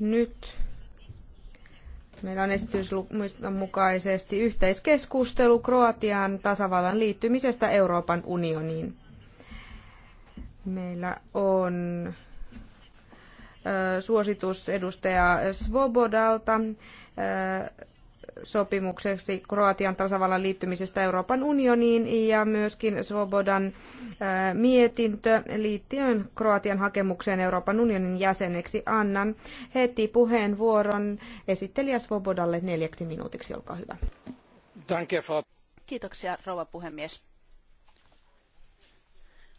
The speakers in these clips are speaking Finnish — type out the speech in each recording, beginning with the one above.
Nyt meillä on esityslukumista mukaisesti yhteiskeskustelu Kroatian tasavallan liittymisestä Euroopan unioniin. Meillä on suositus edustaja Svobodalta sopimukseksi Kroatian tasavallan liittymisestä Euroopan unioniin ja myöskin Svobodan mietintö liittyen Kroatian hakemukseen Euroopan unionin jäseneksi. Annan heti puheenvuoron esittelijä Svobodalle neljäksi minuutiksi, olkaa hyvä. Kiitoksia rouva puhemies.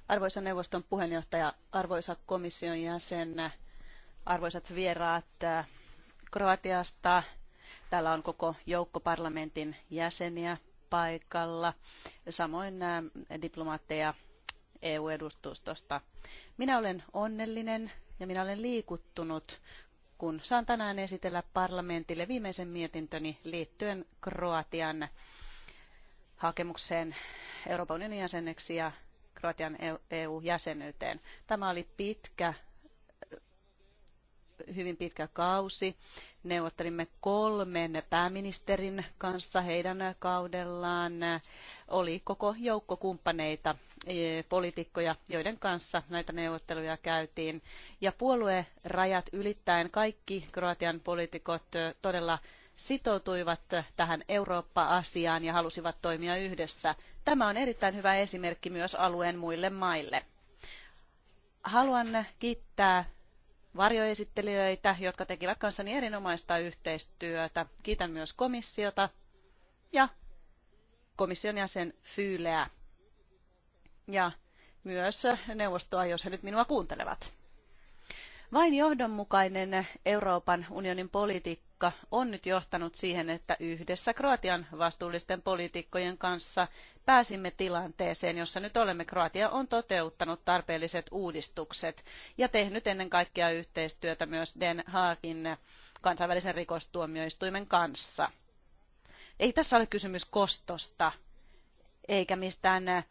Arvoisa neuvoston puheenjohtaja, arvoisa komission jäsen, arvoisat vieraat Kroatiasta, Täällä on koko joukko parlamentin jäseniä paikalla, samoin diplomaatteja EU-edustustosta. Minä olen onnellinen ja minä olen liikuttunut, kun saan tänään esitellä parlamentille viimeisen mietintöni liittyen Kroatian hakemukseen Euroopan unionin jäseneksi ja Kroatian EU-jäsenyyteen. Tämä oli pitkä hyvin pitkä kausi. Neuvottelimme kolmen pääministerin kanssa heidän kaudellaan. Oli koko joukko kumppaneita, e, poliitikkoja, joiden kanssa näitä neuvotteluja käytiin. Ja puoluerajat ylittäen kaikki Kroatian poliitikot e, todella sitoutuivat tähän Eurooppa-asiaan ja halusivat toimia yhdessä. Tämä on erittäin hyvä esimerkki myös alueen muille maille. Haluan kiittää varjoesittelijöitä, jotka tekivät kanssani erinomaista yhteistyötä. Kiitän myös komissiota ja komission jäsen Fyyleä ja myös neuvostoa, jos he nyt minua kuuntelevat. Vain johdonmukainen Euroopan unionin politiikka on nyt johtanut siihen, että yhdessä Kroatian vastuullisten poliitikkojen kanssa pääsimme tilanteeseen, jossa nyt olemme. Kroatia on toteuttanut tarpeelliset uudistukset ja tehnyt ennen kaikkea yhteistyötä myös Den Haagin kansainvälisen rikostuomioistuimen kanssa. Ei tässä ole kysymys kostosta eikä mistään eh,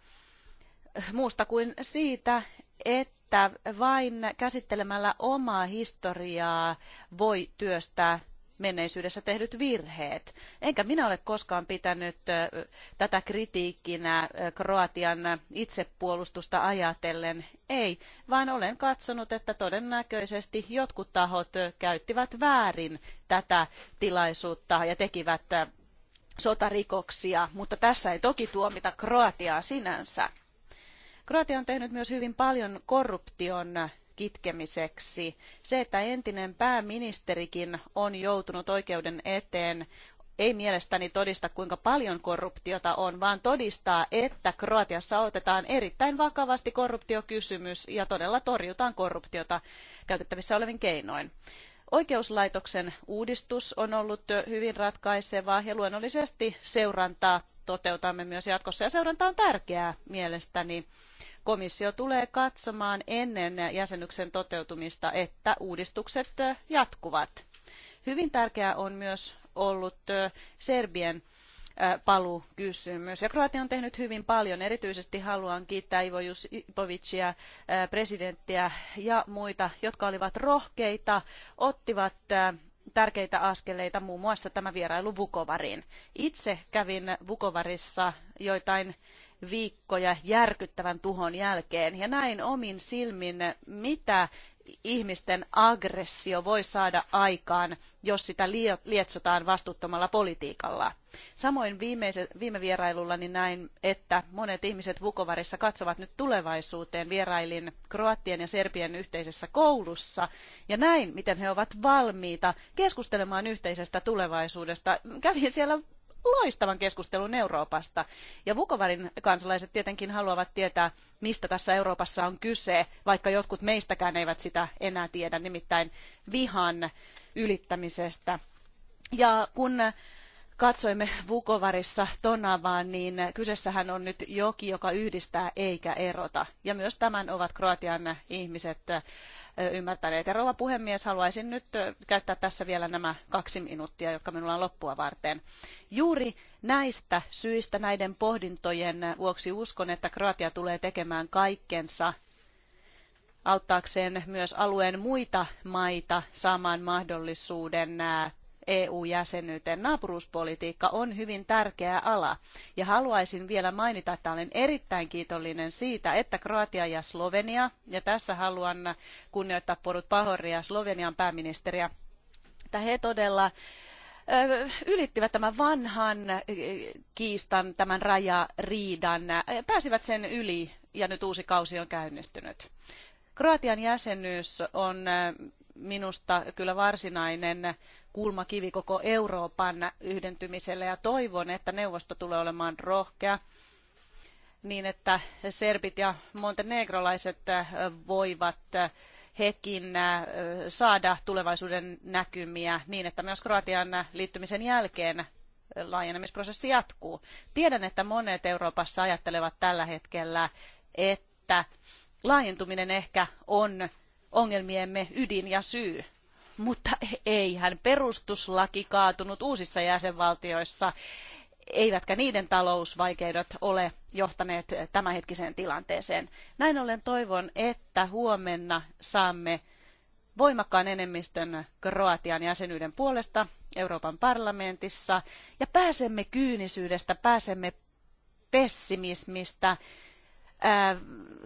muusta kuin siitä, että että vain käsittelemällä omaa historiaa voi työstää menneisyydessä tehdyt virheet. Enkä minä ole koskaan pitänyt tätä kritiikkinä Kroatian itsepuolustusta ajatellen. Ei, vaan olen katsonut, että todennäköisesti jotkut tahot käyttivät väärin tätä tilaisuutta ja tekivät sotarikoksia, mutta tässä ei toki tuomita Kroatiaa sinänsä. Kroatia on tehnyt myös hyvin paljon korruption kitkemiseksi. Se, että entinen pääministerikin on joutunut oikeuden eteen, ei mielestäni todista, kuinka paljon korruptiota on, vaan todistaa, että Kroatiassa otetaan erittäin vakavasti korruptiokysymys ja todella torjutaan korruptiota käytettävissä olevin keinoin. Oikeuslaitoksen uudistus on ollut hyvin ratkaisevaa ja luonnollisesti seurantaa toteutamme myös jatkossa. Ja seuranta on tärkeää mielestäni. Komissio tulee katsomaan ennen jäsenyksen toteutumista, että uudistukset jatkuvat. Hyvin tärkeää on myös ollut Serbien paluukysymys. Ja Kroatia on tehnyt hyvin paljon. Erityisesti haluan kiittää Ivo Jusipovicia, presidenttiä ja muita, jotka olivat rohkeita, ottivat tärkeitä askeleita, muun muassa tämä vierailu Vukovariin. Itse kävin Vukovarissa joitain viikkoja järkyttävän tuhon jälkeen ja näin omin silmin, mitä ihmisten aggressio voi saada aikaan, jos sitä lietsotaan vastuuttomalla politiikalla. Samoin viimeise, viime vierailullani niin näin, että monet ihmiset Vukovarissa katsovat nyt tulevaisuuteen. Vierailin Kroatian ja Serbian yhteisessä koulussa ja näin, miten he ovat valmiita keskustelemaan yhteisestä tulevaisuudesta. Kävin siellä loistavan keskustelun Euroopasta. Ja Vukovarin kansalaiset tietenkin haluavat tietää, mistä tässä Euroopassa on kyse, vaikka jotkut meistäkään eivät sitä enää tiedä, nimittäin vihan ylittämisestä. Ja kun katsoimme Vukovarissa Tonavaan, niin kyseessähän on nyt joki, joka yhdistää eikä erota. Ja myös tämän ovat Kroatian ihmiset ymmärtäneet. Ja rouva puhemies, haluaisin nyt käyttää tässä vielä nämä kaksi minuuttia, jotka minulla on loppua varten. Juuri näistä syistä, näiden pohdintojen vuoksi uskon, että Kroatia tulee tekemään kaikkensa auttaakseen myös alueen muita maita saamaan mahdollisuuden EU-jäsenyyteen. Naapuruuspolitiikka on hyvin tärkeä ala. Ja haluaisin vielä mainita, että olen erittäin kiitollinen siitä, että Kroatia ja Slovenia, ja tässä haluan kunnioittaa Porut Pahoria, Slovenian pääministeriä, että he todella ylittivät tämän vanhan kiistan, tämän rajariidan, pääsivät sen yli ja nyt uusi kausi on käynnistynyt. Kroatian jäsenyys on minusta kyllä varsinainen kulmakivi koko Euroopan yhdentymiselle ja toivon, että neuvosto tulee olemaan rohkea niin, että serbit ja montenegrolaiset äh, voivat äh, hekin äh, saada tulevaisuuden näkymiä niin, että myös Kroatian liittymisen jälkeen laajenemisprosessi jatkuu. Tiedän, että monet Euroopassa ajattelevat tällä hetkellä, että laajentuminen ehkä on ongelmiemme ydin ja syy mutta eihän perustuslaki kaatunut uusissa jäsenvaltioissa, eivätkä niiden talousvaikeudet ole johtaneet tämänhetkiseen tilanteeseen. Näin ollen toivon, että huomenna saamme voimakkaan enemmistön Kroatian jäsenyyden puolesta Euroopan parlamentissa ja pääsemme kyynisyydestä, pääsemme pessimismistä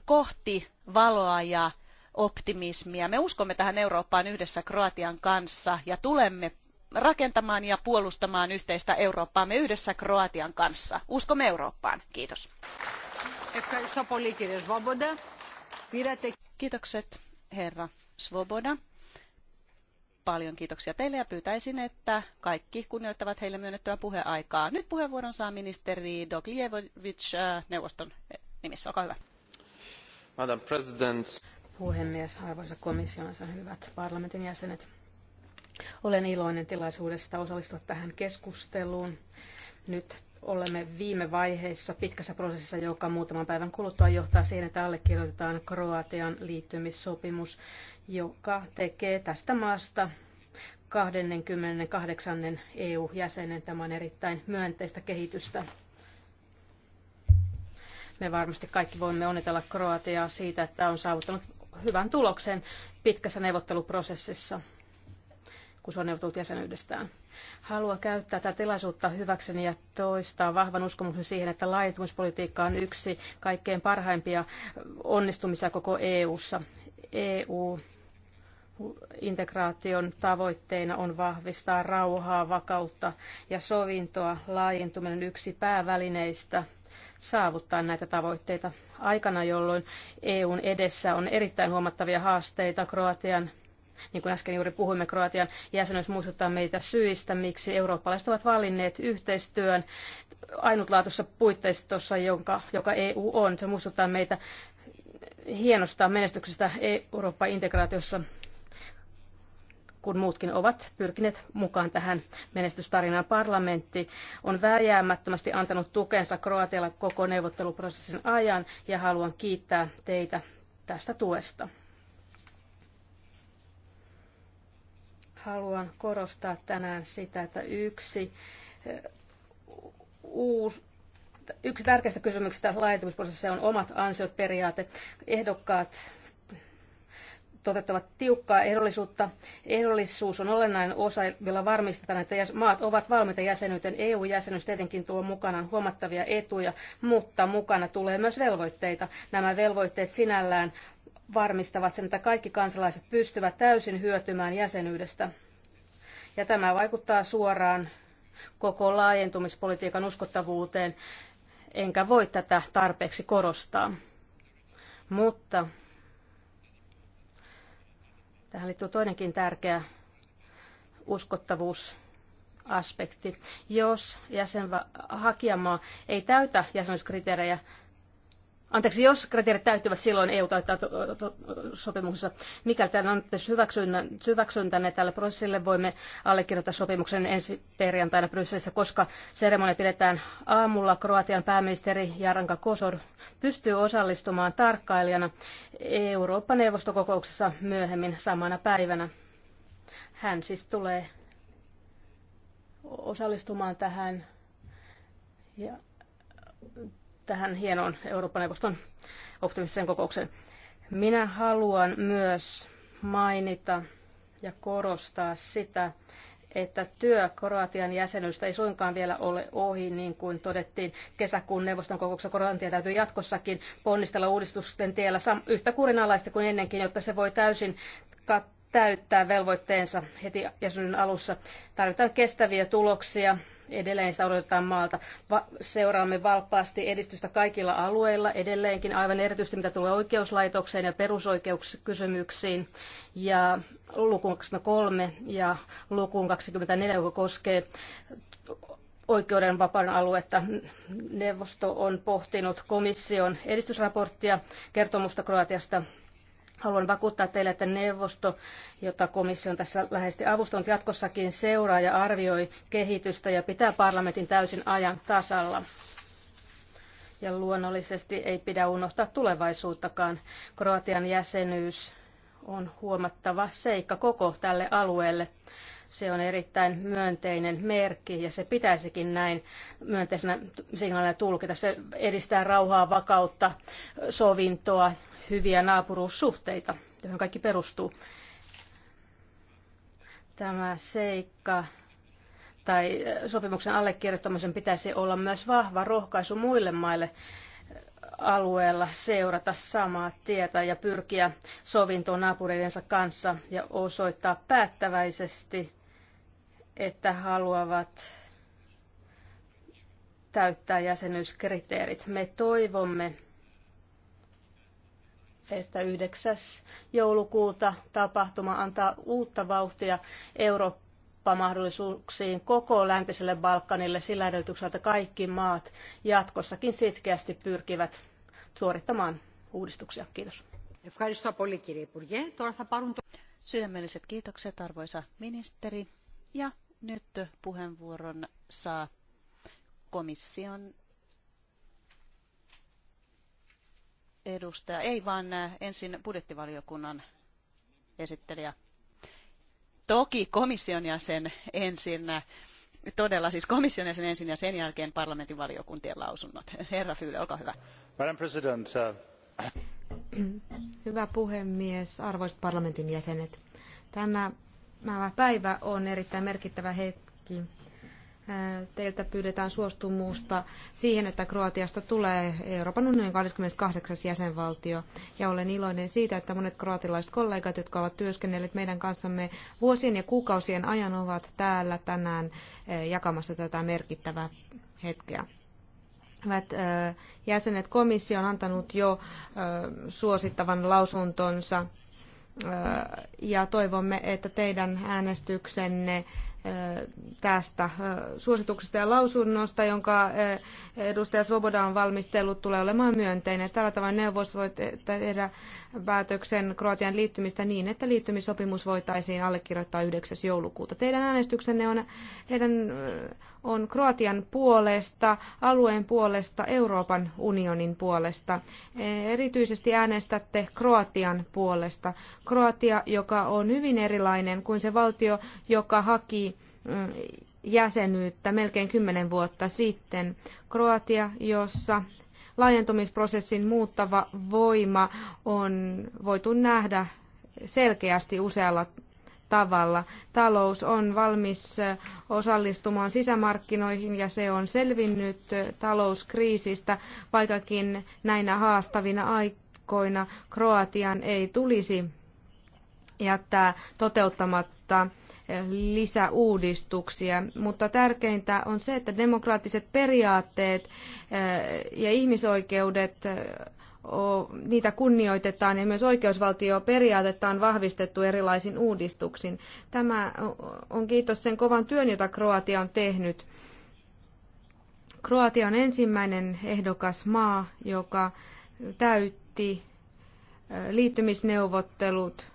kohti valoa ja optimismia. Me uskomme tähän Eurooppaan yhdessä Kroatian kanssa ja tulemme rakentamaan ja puolustamaan yhteistä Eurooppaamme yhdessä Kroatian kanssa. Uskomme Eurooppaan. Kiitos. Kiitokset, herra Svoboda. Paljon kiitoksia teille ja pyytäisin, että kaikki kunnioittavat heille myönnettyä puheaikaa. Nyt puheenvuoron saa ministeri Dogljevovic äh, neuvoston nimissä. Olkaa hyvä. Madam President puhemies, arvoisa komissionsa hyvät parlamentin jäsenet. Olen iloinen tilaisuudesta osallistua tähän keskusteluun. Nyt olemme viime vaiheessa pitkässä prosessissa, joka muutaman päivän kuluttua johtaa siihen, että allekirjoitetaan Kroatian liittymissopimus, joka tekee tästä maasta 28. EU-jäsenen. Tämä on erittäin myönteistä kehitystä. Me varmasti kaikki voimme onnitella Kroatiaa siitä, että on saavuttanut hyvän tuloksen pitkässä neuvotteluprosessissa kun se on neuvoteltu jäsenyydestään. Haluan käyttää tätä tilaisuutta hyväkseni ja toistaa vahvan uskomuksen siihen, että laajentumispolitiikka on yksi kaikkein parhaimpia onnistumisia koko EU:ssa. EU integraation tavoitteena on vahvistaa rauhaa, vakautta ja sovintoa. Laajentuminen yksi päävälineistä saavuttaa näitä tavoitteita aikana, jolloin EUn edessä on erittäin huomattavia haasteita Kroatian niin kuin äsken juuri puhuimme, Kroatian jäsenyys muistuttaa meitä syistä, miksi eurooppalaiset ovat valinneet yhteistyön ainutlaatuisessa puitteistossa, jonka, joka EU on. Se muistuttaa meitä hienosta menestyksestä Eurooppa-integraatiossa kun muutkin ovat pyrkineet mukaan tähän menestystarinaan. Parlamentti on vääjäämättömästi antanut tukensa Kroatialle koko neuvotteluprosessin ajan ja haluan kiittää teitä tästä tuesta. Haluan korostaa tänään sitä, että yksi, eh, uusi, yksi tärkeistä kysymyksistä laajentumisprosessissa on omat ansiot periaate. Ehdokkaat toteuttavat tiukkaa ehdollisuutta. Ehdollisuus on olennainen osa, jolla varmistetaan, että maat ovat valmiita jäsenyyteen. EU-jäsenyys tietenkin tuo mukanaan huomattavia etuja, mutta mukana tulee myös velvoitteita. Nämä velvoitteet sinällään varmistavat sen, että kaikki kansalaiset pystyvät täysin hyötymään jäsenyydestä. Ja tämä vaikuttaa suoraan koko laajentumispolitiikan uskottavuuteen, enkä voi tätä tarpeeksi korostaa. Mutta Tähän liittyy toinenkin tärkeä uskottavuus aspekti. Jos jäsenhakijamaa ei täytä jäsenyyskriteerejä, Anteeksi, jos kriteerit täyttyvät, silloin EU täyttää sopimuksessa. Mikäli tämä on hyväksyntänne tälle prosessille, voimme allekirjoittaa sopimuksen ensi perjantaina Brysselissä, koska seremonia pidetään aamulla. Kroatian pääministeri Jaranka Kosor pystyy osallistumaan tarkkailijana Eurooppa-neuvostokokouksessa myöhemmin samana päivänä. Hän siis tulee osallistumaan tähän ja tähän hienoon Euroopan neuvoston optimistiseen kokoukseen. Minä haluan myös mainita ja korostaa sitä, että työ Kroatian jäsenyystä ei suinkaan vielä ole ohi, niin kuin todettiin kesäkuun neuvoston kokouksessa. Kroatia täytyy jatkossakin ponnistella uudistusten tiellä yhtä kurinalaista kuin ennenkin, jotta se voi täysin täyttää velvoitteensa heti jäsenyyden alussa. Tarvitaan kestäviä tuloksia, edelleen sitä odotetaan maalta. Va- seuraamme valppaasti edistystä kaikilla alueilla edelleenkin, aivan erityisesti mitä tulee oikeuslaitokseen ja perusoikeuskysymyksiin. Ja lukuun 23 ja lukuun 24, joka koskee oikeuden vapauden aluetta. Neuvosto on pohtinut komission edistysraporttia kertomusta Kroatiasta Haluan vakuuttaa teille, että neuvosto, jota komissio on tässä läheisesti avustanut, jatkossakin seuraa ja arvioi kehitystä ja pitää parlamentin täysin ajan tasalla. Ja luonnollisesti ei pidä unohtaa tulevaisuuttakaan. Kroatian jäsenyys on huomattava seikka koko tälle alueelle. Se on erittäin myönteinen merkki ja se pitäisikin näin myönteisenä signaalina tulkita. Se edistää rauhaa, vakautta, sovintoa hyviä naapuruussuhteita, joihin kaikki perustuu. Tämä seikka tai sopimuksen allekirjoittamisen pitäisi olla myös vahva rohkaisu muille maille alueella seurata samaa tietä ja pyrkiä sovintoon naapureidensa kanssa ja osoittaa päättäväisesti, että haluavat täyttää jäsenyyskriteerit. Me toivomme, että 9. joulukuuta tapahtuma antaa uutta vauhtia Eurooppa-mahdollisuuksiin koko läntiselle Balkanille sillä edellytyksellä, että kaikki maat jatkossakin sitkeästi pyrkivät suorittamaan uudistuksia. Kiitos. Sydämelliset kiitokset, arvoisa ministeri. Ja nyt puheenvuoron saa komission edustaja, ei vaan äh, ensin budjettivaliokunnan esittelijä. Toki komission jäsen ensin, äh, todella siis komission jäsen ensin ja sen jälkeen parlamentin valiokuntien lausunnot. Herra Fyyle, olkaa hyvä. Madam President, uh, Hyvä puhemies, arvoisat parlamentin jäsenet. Tänä päivä on erittäin merkittävä hetki Teiltä pyydetään suostumusta siihen, että Kroatiasta tulee Euroopan unionin 28. jäsenvaltio. Ja olen iloinen siitä, että monet kroatilaiset kollegat, jotka ovat työskennelleet meidän kanssamme vuosien ja kuukausien ajan, ovat täällä tänään jakamassa tätä merkittävää hetkeä. Hyvät jäsenet, komissio on antanut jo suosittavan lausuntonsa ja toivomme, että teidän äänestyksenne tästä suosituksesta ja lausunnosta, jonka edustaja Svoboda on valmistellut, tulee olemaan myönteinen. Tällä tavalla neuvos voi tehdä päätöksen Kroatian liittymistä niin, että liittymissopimus voitaisiin allekirjoittaa 9. joulukuuta. Teidän äänestyksenne on, teidän, on Kroatian puolesta, alueen puolesta, Euroopan unionin puolesta. E, erityisesti äänestätte Kroatian puolesta. Kroatia, joka on hyvin erilainen kuin se valtio, joka haki jäsenyyttä melkein kymmenen vuotta sitten. Kroatia, jossa laajentumisprosessin muuttava voima on voitu nähdä selkeästi usealla tavalla. Talous on valmis osallistumaan sisämarkkinoihin ja se on selvinnyt talouskriisistä, vaikkakin näinä haastavina aikoina Kroatian ei tulisi jättää toteuttamatta lisäuudistuksia. Mutta tärkeintä on se, että demokraattiset periaatteet eh, ja ihmisoikeudet eh, niitä kunnioitetaan ja myös oikeusvaltioperiaatetta on vahvistettu erilaisin uudistuksin. Tämä on kiitos sen kovan työn, jota Kroatia on tehnyt. Kroatia on ensimmäinen ehdokas maa, joka täytti eh, liittymisneuvottelut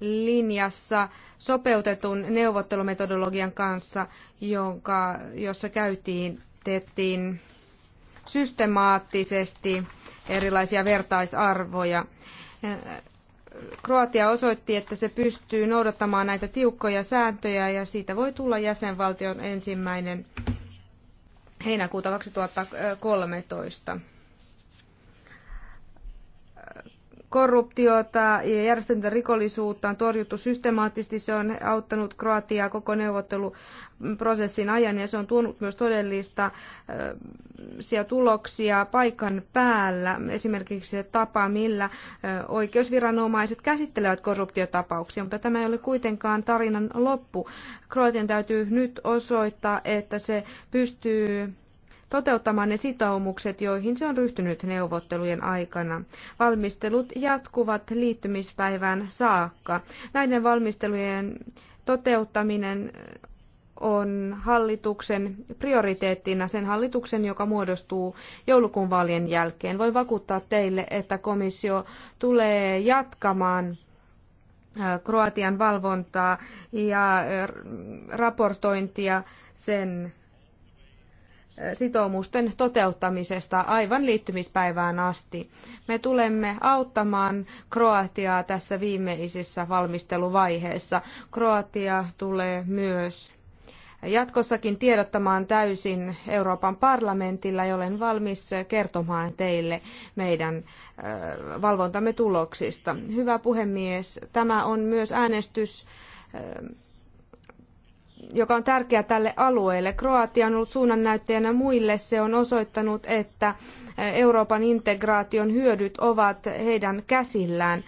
linjassa sopeutetun neuvottelumetodologian kanssa, jonka, jossa käytiin tehtiin systemaattisesti erilaisia vertaisarvoja. Kroatia osoitti, että se pystyy noudattamaan näitä tiukkoja sääntöjä ja siitä voi tulla jäsenvaltion ensimmäinen heinäkuuta 2013. Korruptiota ja järjestäntä rikollisuutta on torjuttu systemaattisesti. Se on auttanut Kroatiaa koko neuvotteluprosessin ajan ja se on tuonut myös todellista tuloksia paikan päällä. Esimerkiksi se tapa, millä oikeusviranomaiset käsittelevät korruptiotapauksia, mutta tämä ei ole kuitenkaan tarinan loppu. Kroatian täytyy nyt osoittaa, että se pystyy toteuttamaan ne sitoumukset, joihin se on ryhtynyt neuvottelujen aikana. Valmistelut jatkuvat liittymispäivään saakka. Näiden valmistelujen toteuttaminen on hallituksen prioriteettina sen hallituksen, joka muodostuu joulukuun vaalien jälkeen. Voin vakuuttaa teille, että komissio tulee jatkamaan Kroatian valvontaa ja raportointia sen sitoumusten toteuttamisesta aivan liittymispäivään asti. Me tulemme auttamaan Kroatiaa tässä viimeisessä valmisteluvaiheessa. Kroatia tulee myös jatkossakin tiedottamaan täysin Euroopan parlamentilla, ja olen valmis kertomaan teille meidän äh, valvontamme tuloksista. Hyvä puhemies, tämä on myös äänestys äh, joka on tärkeä tälle alueelle. Kroatia on ollut suunnannäyttäjänä muille. Se on osoittanut, että eh, Euroopan integraation hyödyt ovat heidän käsillään.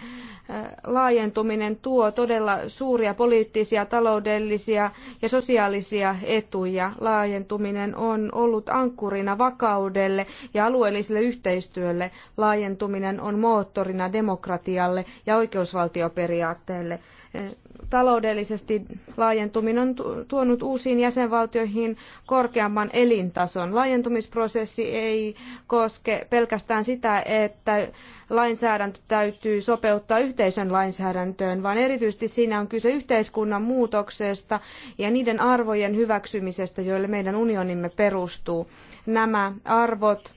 Eh, laajentuminen tuo todella suuria poliittisia, taloudellisia ja sosiaalisia etuja. Laajentuminen on ollut ankkurina vakaudelle ja alueelliselle yhteistyölle. Laajentuminen on moottorina demokratialle ja oikeusvaltioperiaatteelle eh, Taloudellisesti laajentuminen on tuonut uusiin jäsenvaltioihin korkeamman elintason. Laajentumisprosessi ei koske pelkästään sitä, että lainsäädäntö täytyy sopeuttaa yhteisön lainsäädäntöön, vaan erityisesti siinä on kyse yhteiskunnan muutoksesta ja niiden arvojen hyväksymisestä, joille meidän unionimme perustuu. Nämä arvot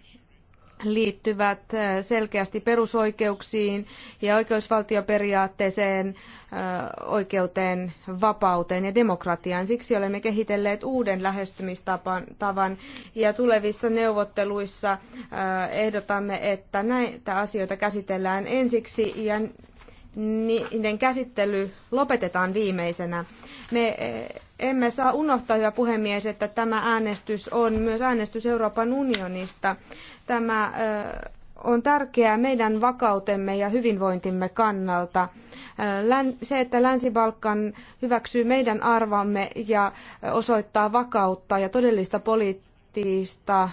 liittyvät eh, selkeästi perusoikeuksiin ja oikeusvaltioperiaatteeseen, eh, oikeuteen, vapauteen ja demokratiaan. Siksi olemme kehitelleet uuden lähestymistavan ja tulevissa neuvotteluissa eh, ehdotamme, että näitä asioita käsitellään ensiksi ja niiden käsittely lopetetaan viimeisenä. Me emme saa unohtaa, hyvä puhemies, että tämä äänestys on myös äänestys Euroopan unionista. Tämä on tärkeää meidän vakautemme ja hyvinvointimme kannalta. Se, että Länsi-Balkan hyväksyy meidän arvamme ja osoittaa vakautta ja todellista poliittista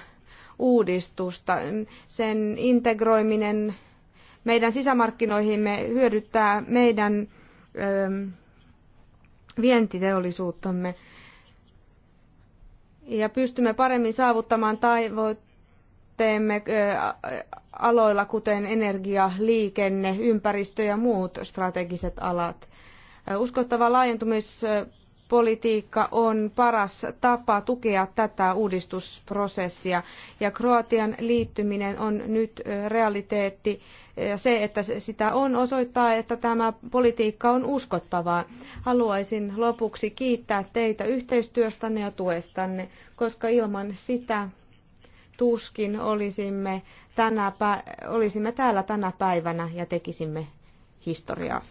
uudistusta, sen integroiminen meidän sisämarkkinoihimme hyödyttää meidän vientiteollisuuttamme ja pystymme paremmin saavuttamaan tavoitteet teemme aloilla kuten energia, liikenne, ympäristö ja muut strategiset alat. Uskottava laajentumispolitiikka on paras tapa tukea tätä uudistusprosessia ja Kroatian liittyminen on nyt realiteetti ja se, että sitä on, osoittaa, että tämä politiikka on uskottavaa. Haluaisin lopuksi kiittää teitä yhteistyöstänne ja tuestanne, koska ilman sitä tuskin olisimme, tänä pä- olisimme täällä tänä päivänä ja tekisimme historiaa.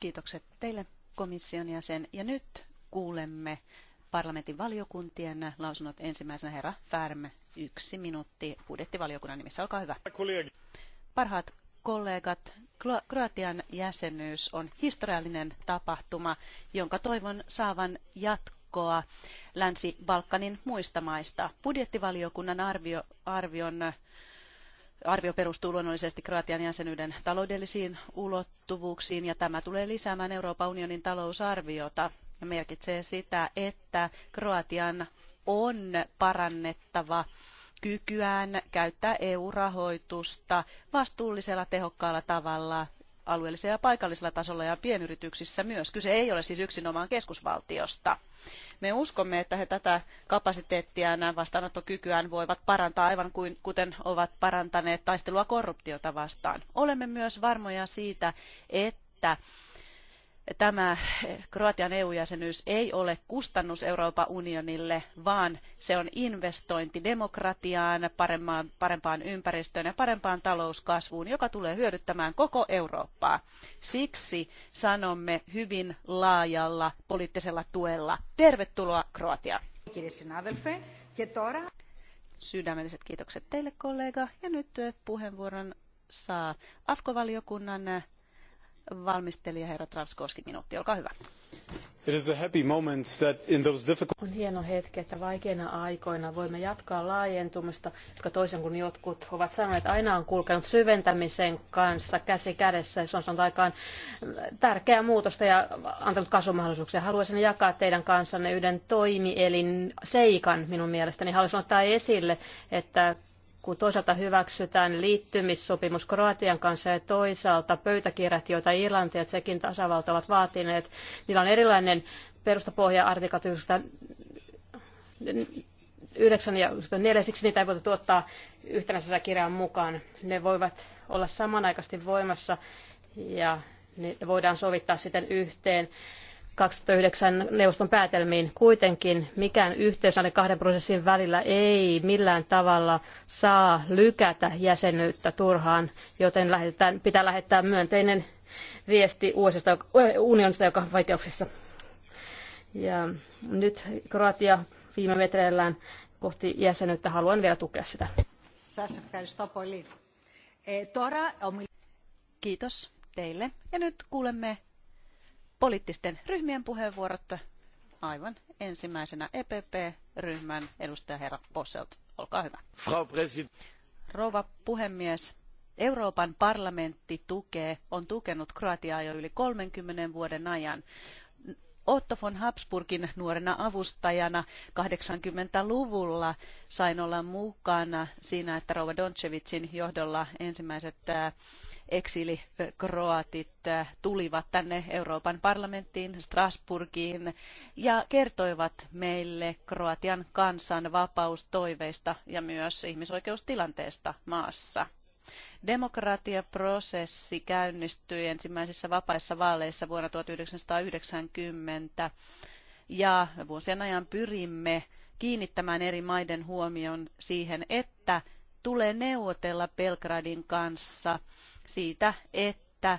Kiitokset teille komission jäsen. Ja nyt kuulemme parlamentin valiokuntien lausunnot ensimmäisenä herra Färm, yksi minuutti budjettivaliokunnan nimissä. Olkaa hyvä. Parhaat kollegat, Kroatian jäsenyys on historiallinen tapahtuma, jonka toivon saavan jatkoa joukkoa Länsi-Balkanin muista maista. Budjettivaliokunnan arvio, arvion Arvio perustuu luonnollisesti Kroatian jäsenyyden taloudellisiin ulottuvuuksiin ja tämä tulee lisäämään Euroopan unionin talousarviota ja merkitsee sitä, että Kroatian on parannettava kykyään käyttää EU-rahoitusta vastuullisella tehokkaalla tavalla alueellisella ja paikallisella tasolla ja pienyrityksissä myös. Kyse ei ole siis yksinomaan keskusvaltiosta. Me uskomme, että he tätä kapasiteettia ja vastaanottokykyään voivat parantaa aivan kuin, kuten ovat parantaneet taistelua korruptiota vastaan. Olemme myös varmoja siitä, että että tämä eh, Kroatian EU-jäsenyys ei ole kustannus Euroopan unionille, vaan se on investointi demokratiaan, parempaan, parempaan ympäristöön ja parempaan talouskasvuun, joka tulee hyödyttämään koko Eurooppaa. Siksi sanomme hyvin laajalla poliittisella tuella. Tervetuloa Kroatia! Sydämelliset kiitokset teille kollega ja nyt eh, puheenvuoron saa AFKO-valiokunnan eh, valmistelija herra Travskoski minuutti. Olkaa hyvä. It is a happy moment that in those difficult... On hieno hetki, että vaikeina aikoina voimme jatkaa laajentumista, koska toisen kuin jotkut ovat sanoneet, aina on kulkenut syventämisen kanssa käsi kädessä. Se on saanut aikaan tärkeää muutosta ja antanut kasvumahdollisuuksia. Haluaisin jakaa teidän kanssanne yhden toimielin seikan minun mielestäni. Haluaisin ottaa esille, että kun toisaalta hyväksytään liittymissopimus Kroatian kanssa ja toisaalta pöytäkirjat, joita Irlanti ja Tsekin tasavalta ovat vaatineet, niillä on erilainen perustapohja artiklat 9 ja 4, siksi niitä ei voitu tuottaa yhtenäisessä kirjan mukaan. Ne voivat olla samanaikaisesti voimassa ja ne voidaan sovittaa sitten yhteen 2009 neuvoston päätelmiin. Kuitenkin mikään yhteys näiden kahden prosessin välillä ei millään tavalla saa lykätä jäsenyyttä turhaan, joten lähetetään, pitää lähettää myönteinen viesti uusista, eh, unionista, joka on vaikeuksissa. Ja nyt Kroatia viime metreillään kohti jäsenyyttä. Haluan vielä tukea sitä. Kiitos teille. Ja nyt kuulemme poliittisten ryhmien puheenvuorot. Aivan ensimmäisenä EPP-ryhmän edustaja herra Posselt. Olkaa hyvä. Frau President. Rouva puhemies, Euroopan parlamentti tukee, on tukenut Kroatiaa jo yli 30 vuoden ajan. Otto von Habsburgin nuorena avustajana 80-luvulla sain olla mukana siinä, että Rova Doncevicin johdolla ensimmäiset äh, eksilikroatit äh, tulivat tänne Euroopan parlamenttiin, Strasburgiin ja kertoivat meille Kroatian kansan vapaustoiveista ja myös ihmisoikeustilanteesta maassa. Demokratiaprosessi käynnistyi ensimmäisissä vapaissa vaaleissa vuonna 1990 ja vuosien ajan pyrimme kiinnittämään eri maiden huomion siihen, että tulee neuvotella Belgradin kanssa siitä, että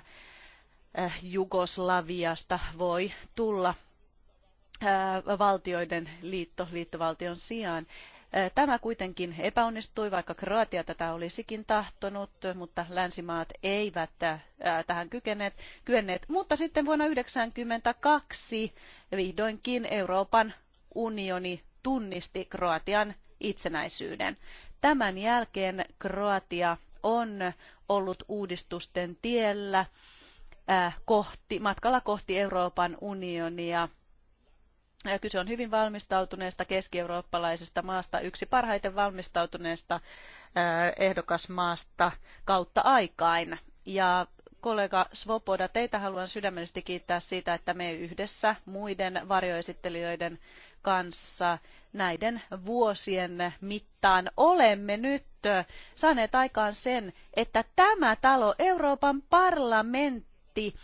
äh, Jugoslaviasta voi tulla äh, valtioiden liitto liittovaltion sijaan. Äh, tämä kuitenkin epäonnistui, vaikka Kroatia tätä olisikin tahtonut, mutta länsimaat eivät tähän kykeneet, kyenneet. Mutta sitten vuonna 1992 vihdoinkin Euroopan unioni tunnisti Kroatian itsenäisyyden. Tämän jälkeen Kroatia on ollut uudistusten tiellä äh, kohti, matkalla kohti Euroopan unionia. Äh, kyse on hyvin valmistautuneesta keskieurooppalaisesta maasta, yksi parhaiten valmistautuneesta äh, ehdokasmaasta kautta aikain. Ja kollega Svoboda, teitä haluan sydämellisesti kiittää siitä, että me yhdessä muiden varjoesittelijöiden kanssa näiden vuosien mittaan olemme nyt saaneet aikaan sen, että tämä talo, Euroopan parlamentti,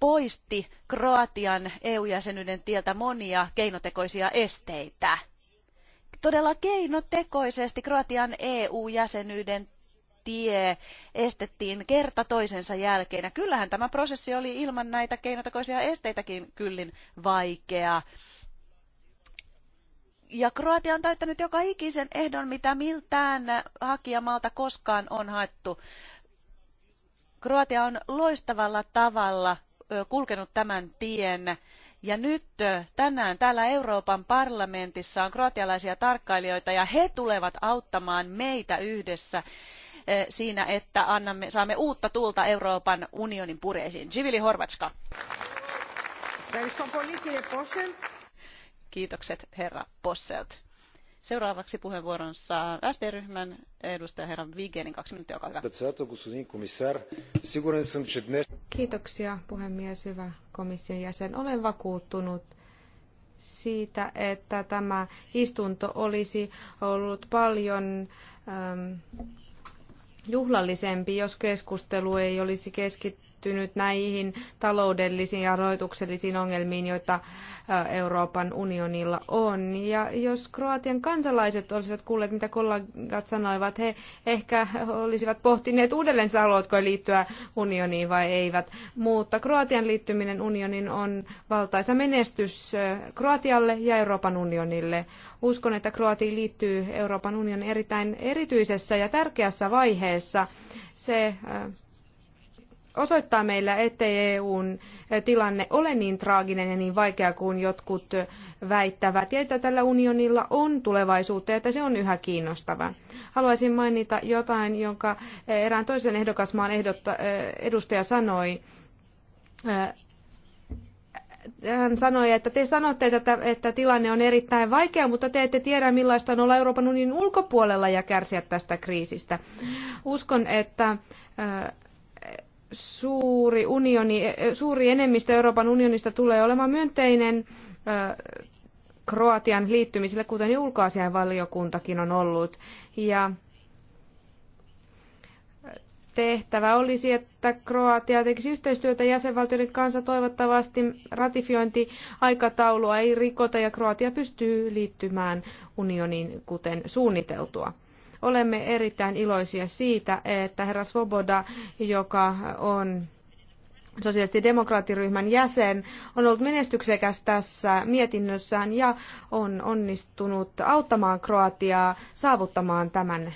poisti Kroatian EU-jäsenyyden tieltä monia keinotekoisia esteitä. Todella keinotekoisesti Kroatian EU-jäsenyyden tie estettiin kerta toisensa jälkeen. Ja kyllähän tämä prosessi oli ilman näitä keinotekoisia esteitäkin kyllin vaikea. Ja Kroatia on täyttänyt joka ikisen ehdon, mitä miltään hakijamalta koskaan on haettu. Kroatia on loistavalla tavalla kulkenut tämän tien. Ja nyt tänään täällä Euroopan parlamentissa on kroatialaisia tarkkailijoita ja he tulevat auttamaan meitä yhdessä Eh, siinä, että annamme, saamme uutta tuulta Euroopan unionin pureisiin. Živili Horvatska. Kiitokset herra Posselt. Seuraavaksi puheenvuoron saa SD-ryhmän edustaja herra Vigenin kaksi minuuttia, olkaa hyvä. Kiitoksia puhemies, hyvä komission jäsen. Olen vakuuttunut siitä, että tämä istunto olisi ollut paljon ähm, juhlallisempi, jos keskustelu ei olisi keskittynyt perehtynyt näihin taloudellisiin ja rahoituksellisiin ongelmiin, joita Euroopan unionilla on. Ja jos Kroatian kansalaiset olisivat kuulleet, mitä kollegat sanoivat, he ehkä olisivat pohtineet uudelleen, haluatko liittyä unioniin vai eivät. Mutta Kroatian liittyminen unioniin on valtaisa menestys Kroatialle ja Euroopan unionille. Uskon, että Kroatia liittyy Euroopan unionin erittäin erityisessä ja tärkeässä vaiheessa. Se osoittaa meillä, ettei EUn tilanne ole niin traaginen ja niin vaikea kuin jotkut väittävät, ja että tällä unionilla on tulevaisuutta ja että se on yhä kiinnostava. Haluaisin mainita jotain, jonka erään toisen ehdokasmaan ehdotta, edustaja sanoi hän sanoi, että te sanotte, että, että tilanne on erittäin vaikea, mutta te ette tiedä, millaista on olla Euroopan unionin ulkopuolella ja kärsiä tästä kriisistä. Uskon, että suuri, unioni, suuri enemmistö Euroopan unionista tulee olemaan myönteinen Kroatian liittymiselle, kuten ulkoasiainvaliokuntakin on ollut. Ja tehtävä olisi, että Kroatia tekisi yhteistyötä jäsenvaltioiden kanssa. Toivottavasti ratifiointiaikataulua ei rikota ja Kroatia pystyy liittymään unioniin kuten suunniteltua. Olemme erittäin iloisia siitä, että herra Svoboda, joka on sosiaalidemokraattiryhmän jäsen, on ollut menestyksekäs tässä mietinnössään ja on onnistunut auttamaan Kroatiaa saavuttamaan tämän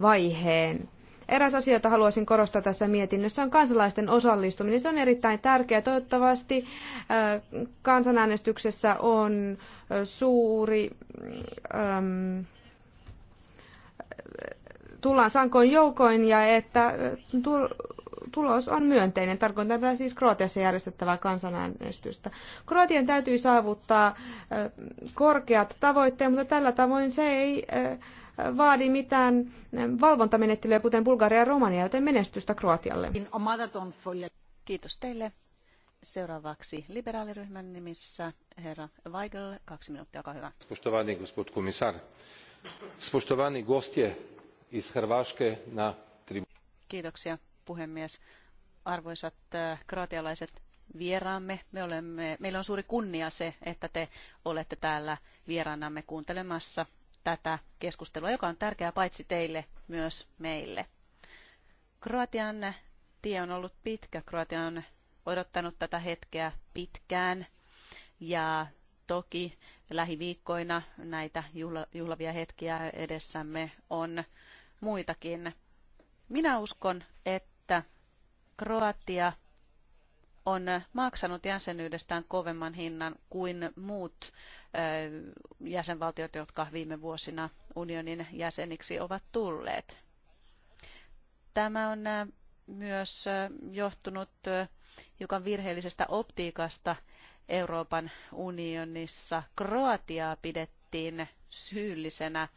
vaiheen. Eräs asia, jota haluaisin korostaa tässä mietinnössä, on kansalaisten osallistuminen. Se on erittäin tärkeää. Toivottavasti äh, kansanäänestyksessä on äh, suuri... Ähm, tullaan sankoin joukoin ja että äh, tulos on myönteinen. Tarkoitan tätä siis Kroatiassa järjestettävää kansanäänestystä. Kroatian täytyy saavuttaa äh, korkeat tavoitteet, mutta tällä tavoin se ei äh, vaadi mitään valvontamenettelyä, kuten Bulgaria ja Romania, joten menestystä Kroatialle. Kiitos teille. Seuraavaksi liberaaliryhmän nimissä herra Weigel, kaksi minuuttia, olkaa hyvä. Spoštovani gospod komisar, Kiitoksia puhemies. Arvoisat äh, kroatialaiset vieraamme, me olemme, meillä on suuri kunnia se, että te olette täällä vieraanamme kuuntelemassa tätä keskustelua, joka on tärkeää paitsi teille, myös meille. Kroatian tie on ollut pitkä. Kroatia on odottanut tätä hetkeä pitkään ja Toki lähiviikkoina näitä juhlavia hetkiä edessämme on muitakin. Minä uskon, että Kroatia on maksanut jäsenyydestään kovemman hinnan kuin muut jäsenvaltiot, jotka viime vuosina unionin jäseniksi ovat tulleet. Tämä on myös johtunut hiukan virheellisestä optiikasta Euroopan unionissa. Kroatiaa pidettiin syyllisenä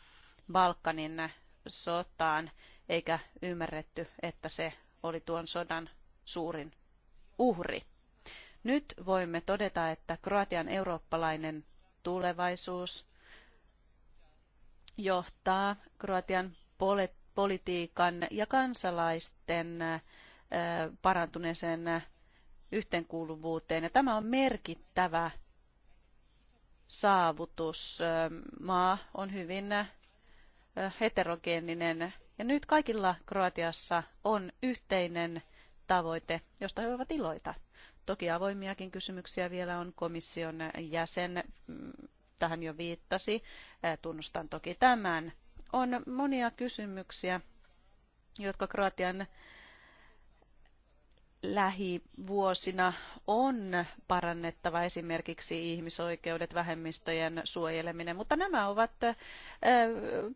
Balkanin sotaan, eikä ymmärretty, että se oli tuon sodan suurin uhri. Nyt voimme todeta, että Kroatian eurooppalainen tulevaisuus johtaa Kroatian politiikan ja kansalaisten parantuneeseen yhteenkuuluvuuteen. Ja tämä on merkittävä saavutus. Maa on hyvin heterogeeninen ja nyt kaikilla Kroatiassa on yhteinen tavoite, josta he voivat iloita. Toki avoimiakin kysymyksiä vielä on komission jäsen, mm, tähän jo viittasi, tunnustan toki tämän. On monia kysymyksiä, jotka Kroatian lähivuosina on parannettava esimerkiksi ihmisoikeudet, vähemmistöjen suojeleminen, mutta nämä ovat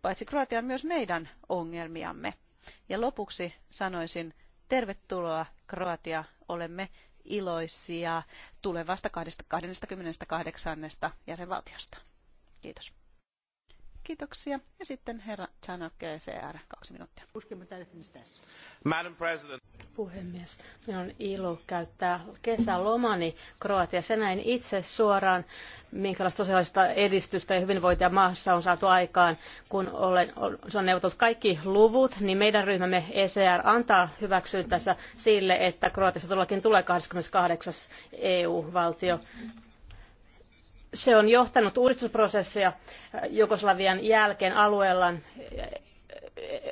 paitsi Kroatian myös meidän ongelmiamme. Ja lopuksi sanoisin tervetuloa Kroatia, olemme iloisia tulevasta 28. jäsenvaltiosta. Kiitos. Kiitoksia. Ja sitten herra Chanok, CR, kaksi minuuttia. Madam President. Puhemies, minä on ilo käyttää kesälomani Kroatiassa. Näin itse suoraan, minkälaista sosiaalista edistystä ja hyvinvointia maassa on saatu aikaan, kun olen, se on neuvoteltu kaikki luvut, niin meidän ryhmämme ECR antaa hyväksyntänsä sille, että Kroatiassa todellakin tulee 28. EU-valtio se on johtanut uudistusprosesseja äh, Jugoslavian jälkeen alueella.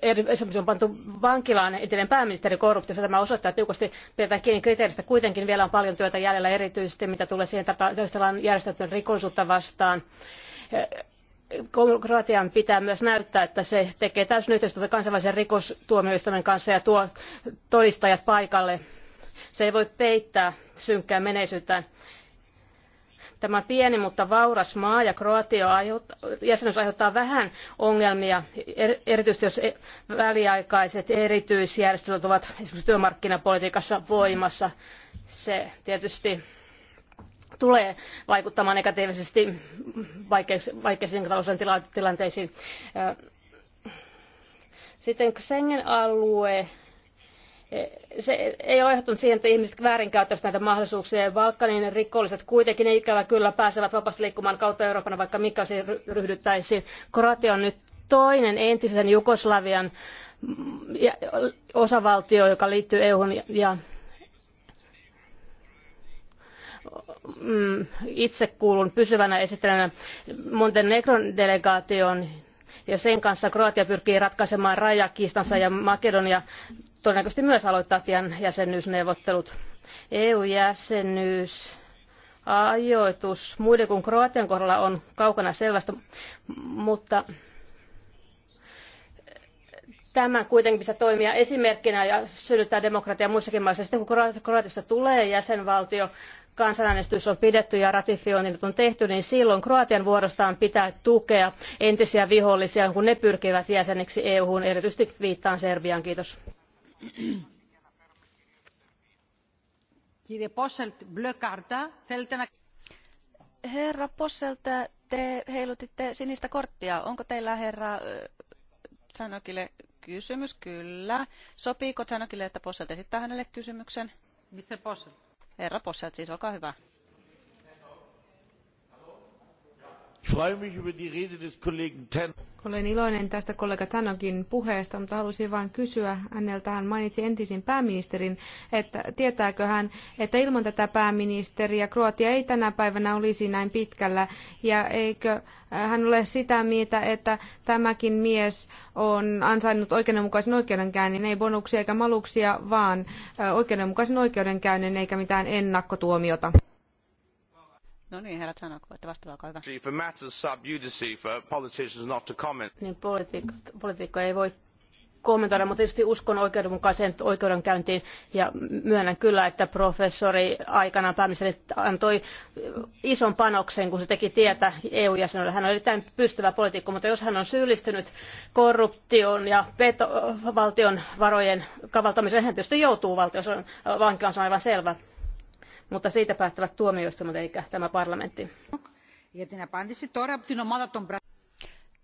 Esimerkiksi äh, on pantu vankilaan entinen pääministeri korruptiossa. Tämä osoittaa tiukasti pidetään kiinni kriteeristä. Kuitenkin vielä on paljon työtä jäljellä erityisesti, mitä tulee siihen taistellaan järjestäytyneen rikollisuutta vastaan. Äh, Kroatian pitää myös näyttää, että se tekee täysin yhteistyötä kansainvälisen rikostuomioistuimen kanssa ja tuo todistajat paikalle. Se ei voi peittää synkkää menneisyyttään. Tämä pieni, mutta vauras maa ja Kroatia jäsenyys aiheuttaa vähän ongelmia, er-, erityisesti jos e-, väliaikaiset erityisjärjestelyt ovat esimerkiksi työmarkkinapolitiikassa voimassa. Se tietysti tulee vaikuttamaan negatiivisesti vaikeisiin taloudelliseen tilanteisiin. Sitten Schengen-alue Eh, se ei ole johtanut siihen, että ihmiset väärinkäyttävät näitä mahdollisuuksia. Balkanin rikolliset kuitenkin ikävä kyllä pääsevät vapaasti liikkumaan kautta Euroopan, vaikka mikä se ryhdyttäisiin. Kroatia on nyt toinen entisen Jugoslavian mm, osavaltio, joka liittyy EUhun ja mm, itse kuulun pysyvänä esittelijänä Montenegron delegaation ja sen kanssa Kroatia pyrkii ratkaisemaan rajakiistansa ja Makedonia todennäköisesti myös aloittaa pian jäsenyysneuvottelut. EU-jäsenyys ajoitus muiden kuin Kroatian kohdalla on kaukana selvästä, mutta tämä kuitenkin pitää toimia esimerkkinä ja synnyttää demokratiaa muissakin maissa. Sitten kun Kroatiasta tulee jäsenvaltio, kansanäänestys on pidetty ja ratifioinnit on tehty, niin silloin Kroatian vuorostaan pitää tukea entisiä vihollisia, kun ne pyrkivät jäseniksi EU-hun, erityisesti viittaan Serbiaan. Kiitos. Herra Posselt, te heilutitte sinistä korttia. Onko teillä herra Sanokille kysymys? Kyllä. Sopiiko Sanokille, että Posselt esittää hänelle kysymyksen? Herra Posselt, siis olkaa hyvä. Olen iloinen tästä kollega Tanokin puheesta, mutta halusin vain kysyä häneltä, hän mainitsi entisen pääministerin, että tietääkö hän, että ilman tätä pääministeriä Kroatia ei tänä päivänä olisi näin pitkällä, ja eikö hän ole sitä mieltä, että tämäkin mies on ansainnut oikeudenmukaisen oikeudenkäynnin, ei bonuksia eikä maluksia, vaan oikeudenmukaisen oikeudenkäynnin eikä mitään ennakkotuomiota. No niin, herrat sanok, voitte vastata, olkaa hyvä. For matters sub judice for politicians not to comment. Niin, poliitikko ei voi kommentoida, mutta tietysti uskon oikeudenmukaiseen oikeudenkäyntiin ja myönnän kyllä, että professori aikanaan pääministeri antoi ison panoksen, kun se teki tietä EU-jäsenyydelle. Hän on erittäin pystyvä poliitikko, mutta jos hän on syyllistynyt korruptioon ja peto, valtion varojen kavaltamiseen, hän tietysti joutuu valtion on aivan selvä mutta siitä päättävät tuomioistuimet eikä tämä parlamentti. No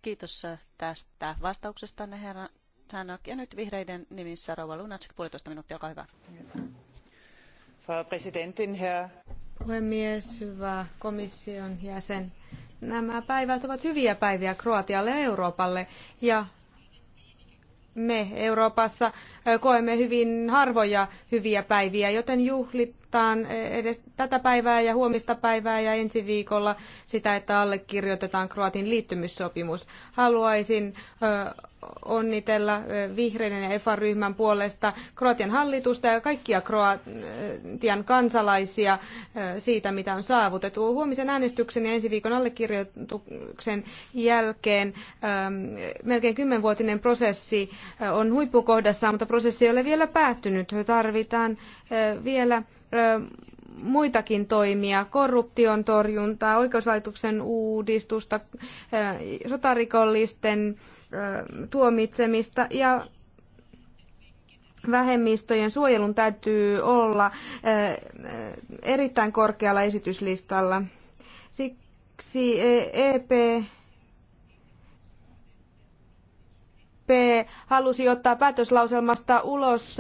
Kiitos äh, tästä vastauksesta, herra Tanok. Ja nyt vihreiden nimissä rouva Lunacek, puolitoista minuuttia, olkaa hyvä. Herr puhemies, hyvä komission jäsen. Nämä päivät ovat hyviä päiviä Kroatialle ja Euroopalle ja me Euroopassa äh, koemme hyvin harvoja hyviä päiviä, joten juhlit odotetaan edes tätä päivää ja huomista päivää ja ensi viikolla sitä, että allekirjoitetaan Kroatin liittymissopimus. Haluaisin onnitella vihreiden ja EFA-ryhmän puolesta Kroatian hallitusta ja kaikkia Kroatian kansalaisia siitä, mitä on saavutettu. Huomisen äänestyksen ja ensi viikon allekirjoituksen jälkeen melkein kymmenvuotinen prosessi on huippukohdassa, mutta prosessi ei ole vielä päättynyt. Tarvitaan vielä muitakin toimia, korruption torjuntaa, oikeuslaitoksen uudistusta, sotarikollisten tuomitsemista ja vähemmistöjen suojelun täytyy olla erittäin korkealla esityslistalla. Siksi EP EPP halusi ottaa päätöslauselmasta ulos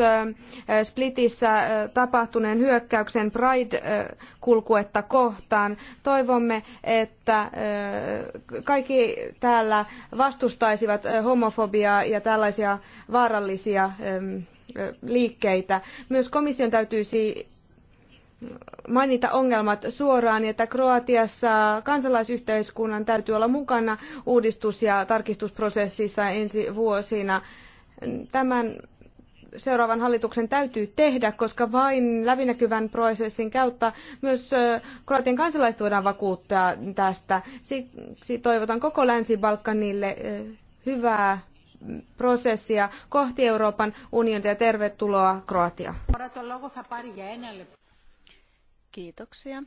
Splitissä tapahtuneen hyökkäyksen Pride-kulkuetta kohtaan. Toivomme, että kaikki täällä vastustaisivat homofobiaa ja tällaisia vaarallisia liikkeitä. Myös komission täytyisi mainita ongelmat suoraan, että Kroatiassa kansalaisyhteiskunnan täytyy olla mukana uudistus- ja tarkistusprosessissa ensi vuosina. Tämän seuraavan hallituksen täytyy tehdä, koska vain läpinäkyvän prosessin kautta myös Kroatian kansalaiset voidaan vakuuttaa tästä. Siksi toivotan koko Länsi-Balkanille hyvää prosessia kohti Euroopan unionia ja tervetuloa Kroatiaan. Kiitoksia.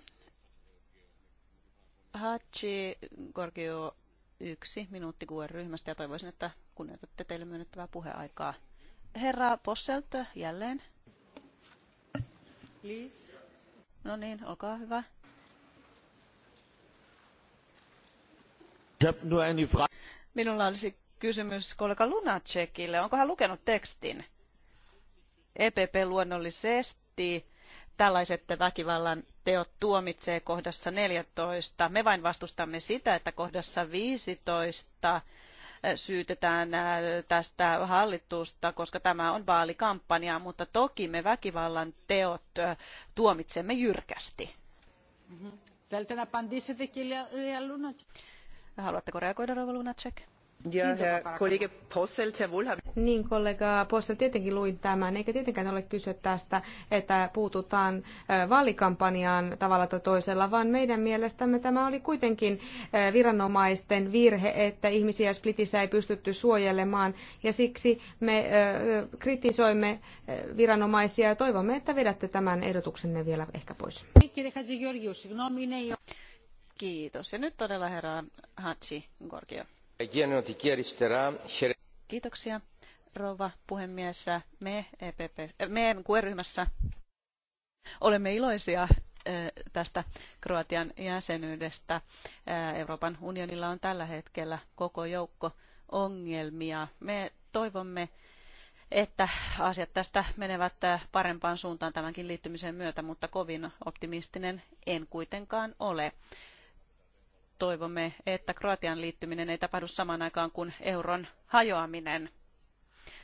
Hachi Gorgio yksi minuutti QR-ryhmästä ja toivoisin, että kunnioitatte teille myönnettävää puheaikaa. Herra Posselt, jälleen. Please. No niin, olkaa hyvä. Minulla olisi kysymys kollega Lunacekille. Onko hän lukenut tekstin? EPP luonnollisesti tällaiset väkivallan teot tuomitsee kohdassa 14. Me vain vastustamme sitä, että kohdassa 15 eh, syytetään eh, tästä hallitusta, koska tämä on vaalikampanja, mutta toki me väkivallan teot eh, tuomitsemme jyrkästi. Mhm. Haluatteko reagoida, Rova Lunacek? Ja kollega Kollege Posselt, Niin, kollega Posse, tietenkin luin tämän, eikä tietenkään ole kyse tästä, että puututaan vaalikampanjaan tavalla tai toisella, vaan meidän mielestämme tämä oli kuitenkin viranomaisten virhe, että ihmisiä Splitissä ei pystytty suojelemaan, ja siksi me kritisoimme viranomaisia ja toivomme, että vedätte tämän ehdotuksenne vielä ehkä pois. Kiitos. Ja nyt todella herra Hatsi Gorgio. Kiitoksia, puhemies. Me, gue ryhmässä olemme iloisia tästä Kroatian jäsenyydestä. Euroopan unionilla on tällä hetkellä koko joukko ongelmia. Me toivomme, että asiat tästä menevät parempaan suuntaan tämänkin liittymisen myötä, mutta kovin optimistinen en kuitenkaan ole toivomme, että Kroatian liittyminen ei tapahdu samaan aikaan kuin euron hajoaminen.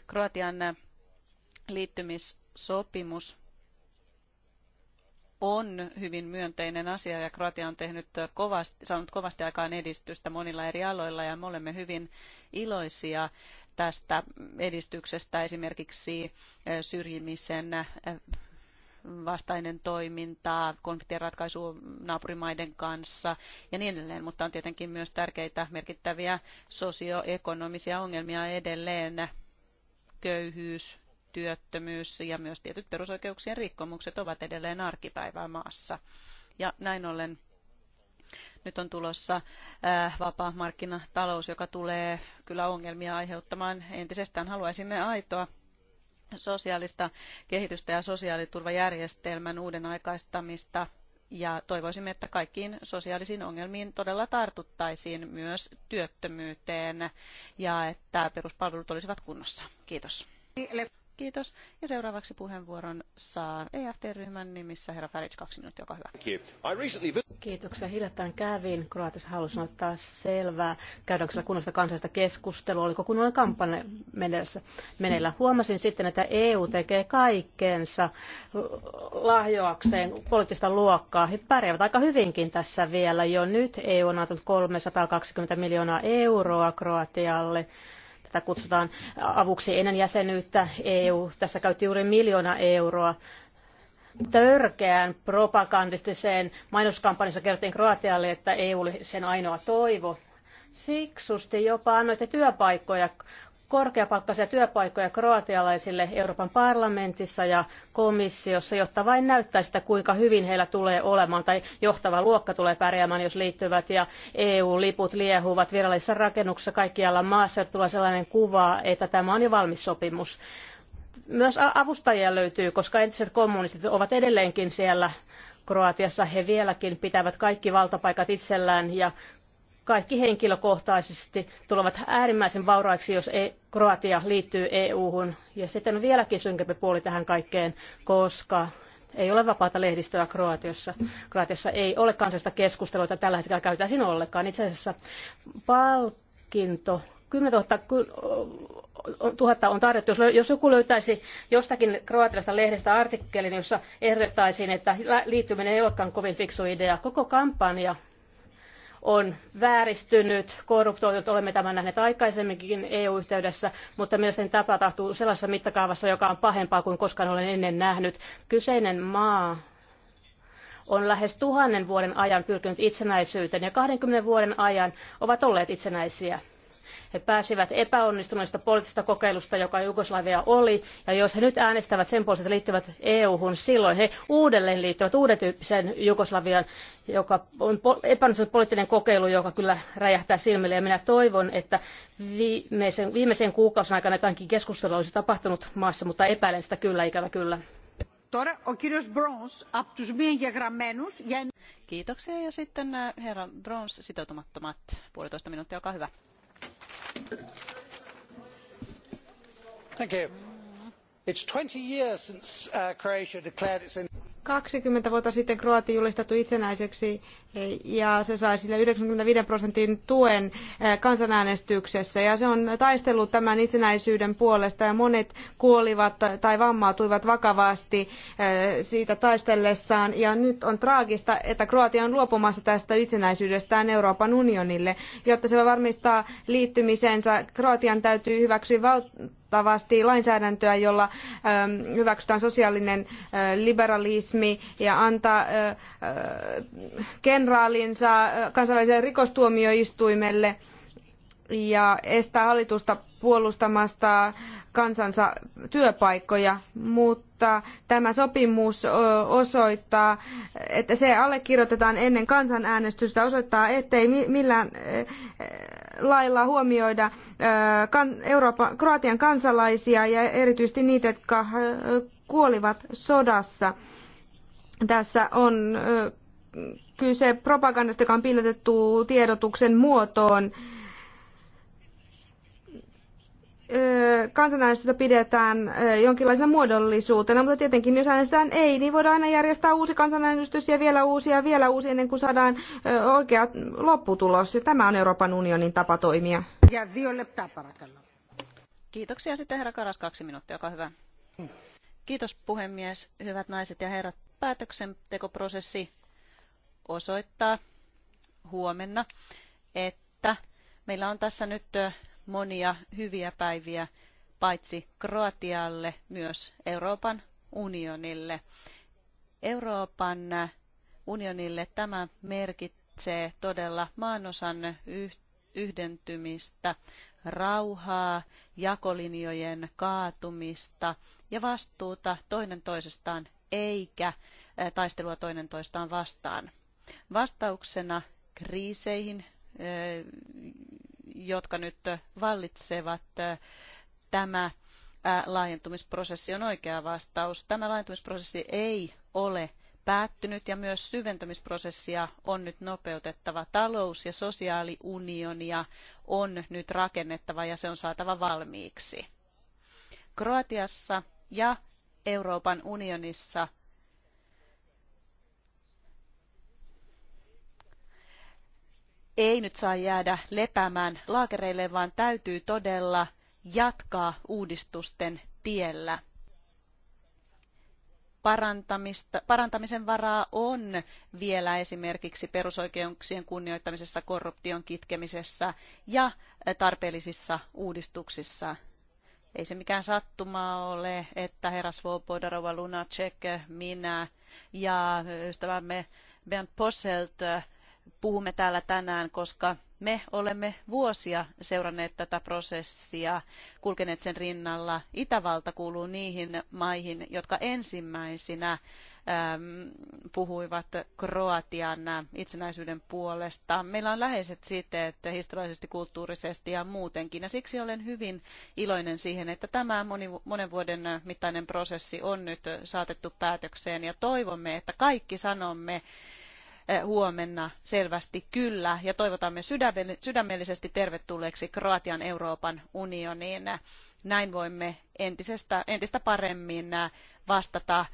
Kroatian äh, liittymissopimus on hyvin myönteinen asia ja Kroatia on tehnyt äh, kovasti, saanut kovasti aikaan edistystä monilla eri aloilla ja me olemme hyvin iloisia tästä edistyksestä esimerkiksi äh, syrjimisen vastainen toiminta, konfliktien ratkaisu naapurimaiden kanssa ja niin edelleen, mutta on tietenkin myös tärkeitä merkittäviä sosioekonomisia ongelmia edelleen, köyhyys, työttömyys ja myös tietyt perusoikeuksien rikkomukset ovat edelleen arkipäivää maassa. Ja näin ollen nyt on tulossa äh, vapaa markkinatalous, joka tulee kyllä ongelmia aiheuttamaan entisestään. Haluaisimme aitoa sosiaalista kehitystä ja sosiaaliturvajärjestelmän uuden aikaistamista ja toivoisimme, että kaikkiin sosiaalisiin ongelmiin todella tartuttaisiin myös työttömyyteen ja että peruspalvelut olisivat kunnossa. Kiitos. Kiitos. Ja seuraavaksi puheenvuoron saa EFD-ryhmän nimissä herra Färits, kaksi minuuttia, joka hyvä. Kiitoksia. Hiljattain kävin. Kroatissa halusin ottaa selvää. Käydäänkö siellä kunnollista kansallista keskustelua? Oliko kunnollinen kampanja meneillä? Huomasin sitten, että EU tekee kaikkensa lahjoakseen poliittista luokkaa. He pärjäävät aika hyvinkin tässä vielä. Jo nyt EU on antanut 320 miljoonaa euroa Kroatialle tätä kutsutaan avuksi ennen jäsenyyttä. EU tässä käytti juuri miljoona euroa törkeään propagandistiseen mainoskampanjassa kerrottiin Kroatialle, että EU oli sen ainoa toivo. Fiksusti jopa annoitte työpaikkoja korkeapalkkaisia työpaikkoja kroatialaisille Euroopan parlamentissa ja komissiossa, jotta vain näyttää sitä, kuinka hyvin heillä tulee olemaan tai johtava luokka tulee pärjäämään, jos liittyvät ja EU-liput liehuvat virallisissa rakennuksissa kaikkialla maassa, jotta tulee sellainen kuva, että tämä on jo valmis sopimus. Myös avustajia löytyy, koska entiset kommunistit ovat edelleenkin siellä Kroatiassa he vieläkin pitävät kaikki valtapaikat itsellään ja kaikki henkilökohtaisesti tulevat äärimmäisen vauraiksi, jos e- Kroatia liittyy EU-hun. Ja sitten on vieläkin synkempi puoli tähän kaikkeen, koska ei ole vapaata lehdistöä Kroatiassa. Kroatiassa ei ole kansallista keskustelua, jota tällä hetkellä käytäisiin ollenkaan. Itse asiassa palkinto 10 000, on tarjottu. Jos, jos joku löytäisi jostakin kroatialaisesta lehdestä artikkelin, jossa ehdotettaisiin, että liittyminen ei olekaan kovin fiksu idea, koko kampanja on vääristynyt, korruptoitunut, olemme tämän nähneet aikaisemminkin EU-yhteydessä, mutta mielestäni tämä tapahtuu sellaisessa mittakaavassa, joka on pahempaa kuin koskaan olen ennen nähnyt. Kyseinen maa on lähes tuhannen vuoden ajan pyrkinyt itsenäisyyteen ja 20 vuoden ajan ovat olleet itsenäisiä he pääsivät epäonnistuneesta poliittisesta kokeilusta, joka Jugoslavia oli, ja jos he nyt äänestävät sen puolesta, että liittyvät EU-hun, silloin he uudelleen liittyvät uuden tyyppiseen Jugoslavian, joka on epäonnistunut poliittinen kokeilu, joka kyllä räjähtää silmille. Ja minä toivon, että viimeisen, viimeisen kuukausien aikana jotakin keskustelua olisi tapahtunut maassa, mutta epäilen sitä kyllä, ikävä kyllä. Kiitoksia ja sitten äh, herra Brons sitoutumattomat puolitoista minuuttia, olkaa hyvä kaksikymmentä vuotta sitten kroatia julistettu itsenäiseksi ja se sai sille 95 prosentin tuen eh, kansanäänestyksessä. Ja se on taistellut tämän itsenäisyyden puolesta ja monet kuolivat tai vammautuivat vakavasti eh, siitä taistellessaan. Ja nyt on traagista, että Kroatia on luopumassa tästä itsenäisyydestään Euroopan unionille. Jotta se voi varmistaa liittymisensä, Kroatian täytyy hyväksyä valtavasti lainsäädäntöä, jolla eh, hyväksytään sosiaalinen liberalismi ja antaa kenraalinsa kansainväliselle rikostuomioistuimelle ja estää hallitusta puolustamasta kansansa työpaikkoja, mutta tämä sopimus osoittaa, että se allekirjoitetaan ennen kansanäänestystä, osoittaa, ettei millään lailla huomioida Euroopan, Kroatian kansalaisia ja erityisesti niitä, jotka kuolivat sodassa. Tässä on kyse propagandasta, joka on piilotettu tiedotuksen muotoon. Kansanäänestystä pidetään jonkinlaisena muodollisuutena, mutta tietenkin jos äänestetään ei, niin voidaan aina järjestää uusi kansanäänestys ja vielä uusi ja vielä uusi ennen kuin saadaan oikea lopputulos. Tämä on Euroopan unionin tapa toimia. Kiitoksia sitten herra Karas, kaksi minuuttia, olkaa hyvä. Kiitos puhemies, hyvät naiset ja herrat. Päätöksentekoprosessi osoittaa huomenna, että meillä on tässä nyt monia hyviä päiviä paitsi Kroatialle myös Euroopan unionille. Euroopan unionille tämä merkitsee todella maanosan yhdentymistä, rauhaa, jakolinjojen kaatumista ja vastuuta toinen toisestaan eikä taistelua toinen toistaan vastaan. Vastauksena kriiseihin, eh, jotka nyt vallitsevat, tämä laajentumisprosessi on oikea vastaus. Tämä laajentumisprosessi ei ole päättynyt ja myös syventämisprosessia on nyt nopeutettava. Talous- ja sosiaaliunionia on nyt rakennettava ja se on saatava valmiiksi. Kroatiassa ja Euroopan unionissa ei nyt saa jäädä lepäämään laakereille, vaan täytyy todella jatkaa uudistusten tiellä. Parantamista, parantamisen varaa on vielä esimerkiksi perusoikeuksien kunnioittamisessa, korruption kitkemisessä ja tarpeellisissa uudistuksissa. Ei se mikään sattumaa ole, että herra Svobodarova, Lunacek, minä ja ystävämme Bernd Posselt puhumme täällä tänään, koska me olemme vuosia seuranneet tätä prosessia, kulkeneet sen rinnalla. Itävalta kuuluu niihin maihin, jotka ensimmäisinä ähm, puhuivat Kroatian itsenäisyyden puolesta. Meillä on läheiset siteet historiallisesti, kulttuurisesti ja muutenkin, ja siksi olen hyvin iloinen siihen, että tämä moni, monen vuoden mittainen prosessi on nyt saatettu päätökseen, ja toivomme, että kaikki sanomme, Eh, huomenna selvästi kyllä ja toivotamme sydämellisesti tervetulleeksi Kroatian Euroopan unioniin. Näin voimme entisestä, entistä paremmin eh, vastata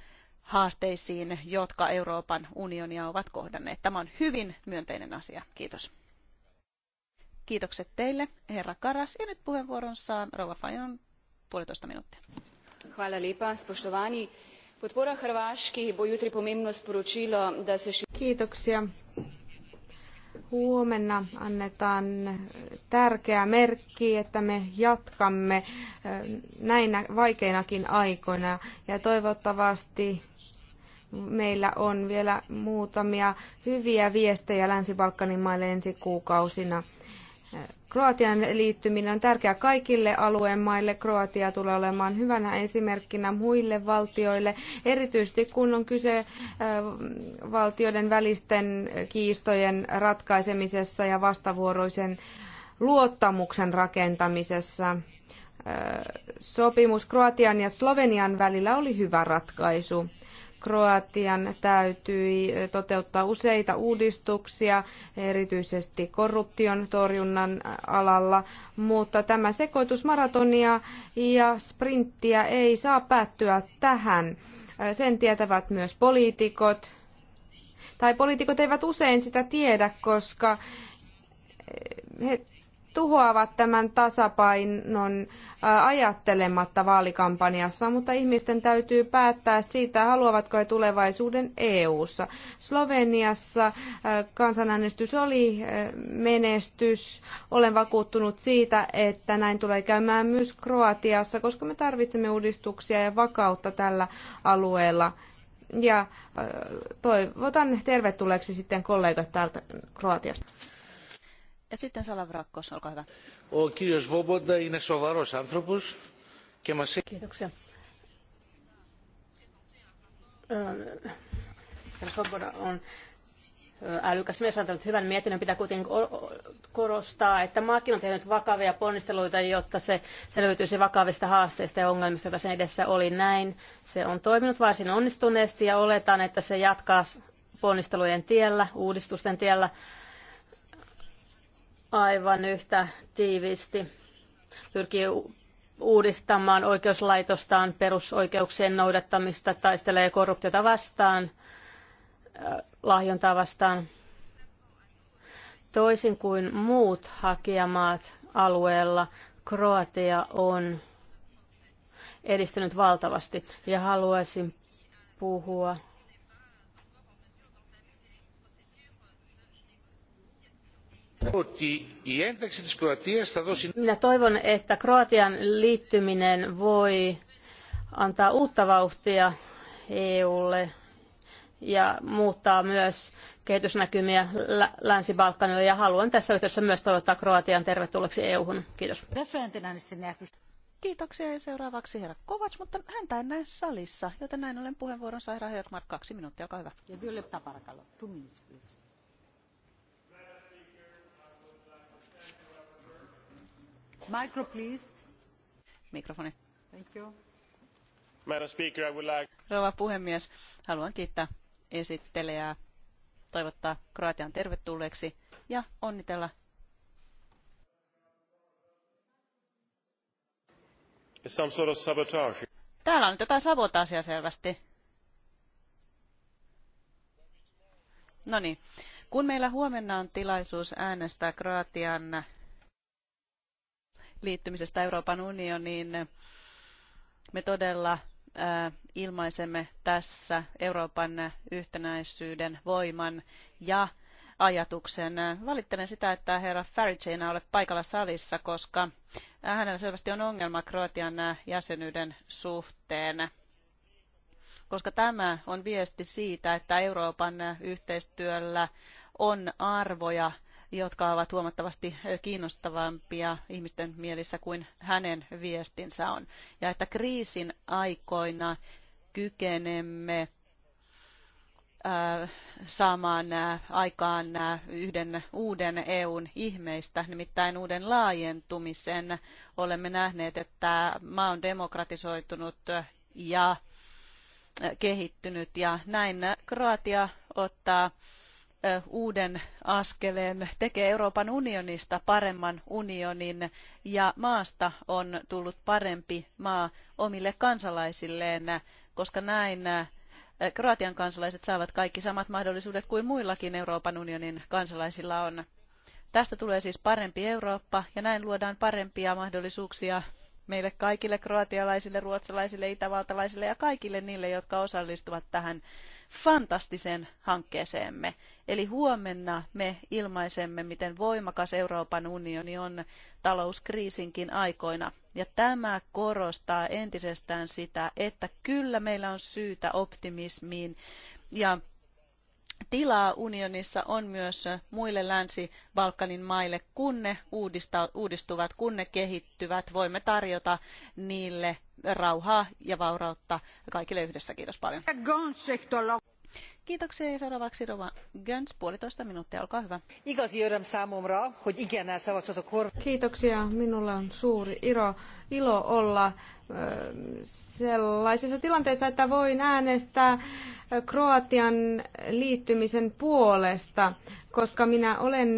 haasteisiin, jotka Euroopan unionia ovat kohdanneet. Tämä on hyvin myönteinen asia. Kiitos. Kiitokset teille, herra Karas. Ja nyt puheenvuoron saa rouva Fajon puolitoista minuuttia. Hvala spoštovani. Podpora Hrvaški bo jutri pomembno sporočilo, da se Kiitoksia. Huomenna annetaan tärkeä merkki, että me jatkamme näinä vaikeinakin aikoina ja toivottavasti meillä on vielä muutamia hyviä viestejä Länsi-Balkanin maille ensi kuukausina. Kroatian liittyminen on tärkeää kaikille alueen maille. Kroatia tulee olemaan hyvänä esimerkkinä muille valtioille, erityisesti kun on kyse valtioiden välisten kiistojen ratkaisemisessa ja vastavuoroisen luottamuksen rakentamisessa. Sopimus Kroatian ja Slovenian välillä oli hyvä ratkaisu. Kroatian täytyi toteuttaa useita uudistuksia, erityisesti korruption torjunnan alalla, mutta tämä sekoitusmaratonia ja sprinttiä ei saa päättyä tähän. Sen tietävät myös poliitikot, tai poliitikot eivät usein sitä tiedä, koska he tuhoavat tämän tasapainon ajattelematta vaalikampanjassa, mutta ihmisten täytyy päättää siitä, haluavatko he tulevaisuuden EU-ssa. Sloveniassa kansanäänestys oli menestys. Olen vakuuttunut siitä, että näin tulee käymään myös Kroatiassa, koska me tarvitsemme uudistuksia ja vakautta tällä alueella. Ja toivotan tervetulleeksi sitten kollegat täältä Kroatiasta. Ja sitten Salavrakkos, olkaa hyvä. O kirjos Voboda είναι σοβαρός άνθρωπος και μας... Kiitoksia. Svoboda on älykäs mies antanut hyvän mietinnön. Pitää kuitenkin korostaa, että maakin on tehnyt vakavia ponnisteluita, jotta se selviytyisi vakavista haasteista ja ongelmista, joita sen edessä oli näin. Se on toiminut varsin onnistuneesti ja oletan, että se jatkaa ponnistelujen tiellä, uudistusten tiellä aivan yhtä tiiviisti pyrkii uudistamaan oikeuslaitostaan, perusoikeuksien noudattamista, taistelee korruptiota vastaan, lahjontaa vastaan. Toisin kuin muut hakijamaat alueella, Kroatia on edistynyt valtavasti ja haluaisin puhua Minä toivon, että Kroatian liittyminen voi antaa uutta vauhtia EUlle ja muuttaa myös kehitysnäkymiä Länsi-Balkanilla ja haluan tässä yhteydessä myös toivottaa Kroatian tervetulleeksi EU-hun. Kiitos. Kiitoksia ja seuraavaksi herra Kovac, mutta häntä en näe salissa, joten näin ollen puheenvuoron sai Rahe kaksi minuuttia, olkaa hyvä. Ja arvoisa please. Mikrofoni. Thank you. Speaker, I would like... puhemies, haluan kiittää esittelijää, toivottaa Kroatian tervetulleeksi ja onnitella Some sort of sabotage. Täällä on nyt jotain sabotaasia selvästi. No niin, kun meillä huomenna on tilaisuus äänestää Kroatian liittymisestä Euroopan unioniin, me todella ilmaisemme tässä Euroopan yhtenäisyyden voiman ja ajatuksen. Valittelen sitä, että herra Farage ei ole paikalla salissa, koska hänellä selvästi on ongelma Kroatian jäsenyyden suhteen. Koska tämä on viesti siitä, että Euroopan yhteistyöllä on arvoja, jotka ovat huomattavasti kiinnostavampia ihmisten mielissä kuin hänen viestinsä on. Ja että kriisin aikoina kykenemme saamaan aikaan yhden uuden EUn ihmeistä, nimittäin uuden laajentumisen. Olemme nähneet, että maa on demokratisoitunut ja kehittynyt ja näin Kroatia ottaa uuden askeleen, tekee Euroopan unionista paremman unionin ja maasta on tullut parempi maa omille kansalaisilleen, koska näin Kroatian kansalaiset saavat kaikki samat mahdollisuudet kuin muillakin Euroopan unionin kansalaisilla on. Tästä tulee siis parempi Eurooppa ja näin luodaan parempia mahdollisuuksia meille kaikille kroatialaisille, ruotsalaisille, itävaltalaisille ja kaikille niille, jotka osallistuvat tähän fantastiseen hankkeeseemme. Eli huomenna me ilmaisemme, miten voimakas Euroopan unioni on talouskriisinkin aikoina. Ja tämä korostaa entisestään sitä, että kyllä meillä on syytä optimismiin ja tilaa unionissa on myös muille Länsi-Balkanin maille, kun ne uudistuvat, kun ne kehittyvät. Voimme tarjota niille rauhaa ja vaurautta kaikille yhdessä. Kiitos paljon. Kiitoksia ja seuraavaksi Rova Göns, puolitoista minuuttia, olkaa hyvä. Kiitoksia, minulla on suuri ilo, ilo olla sellaisessa tilanteessa, että voin äänestää Kroatian liittymisen puolesta, koska minä olen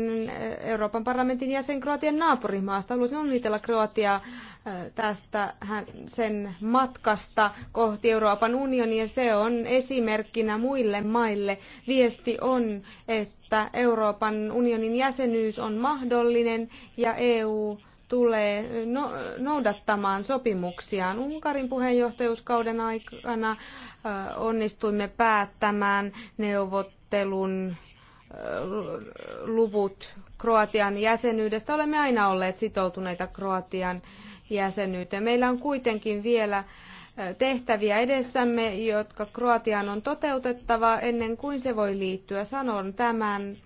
Euroopan parlamentin jäsen Kroatian naapurimaasta. Haluaisin onnitella Kroatiaa tästä sen matkasta kohti Euroopan unionia. Se on esimerkkinä muille maille. Viesti on, että Euroopan unionin jäsenyys on mahdollinen ja EU tulee no, noudattamaan sopimuksiaan. Unkarin puheenjohtajuuskauden aikana onnistuimme päättämään neuvottelun luvut Kroatian jäsenyydestä. Olemme aina olleet sitoutuneita Kroatian jäsenyyteen. Meillä on kuitenkin vielä tehtäviä edessämme, jotka Kroatian on toteutettava ennen kuin se voi liittyä. Sanon tämän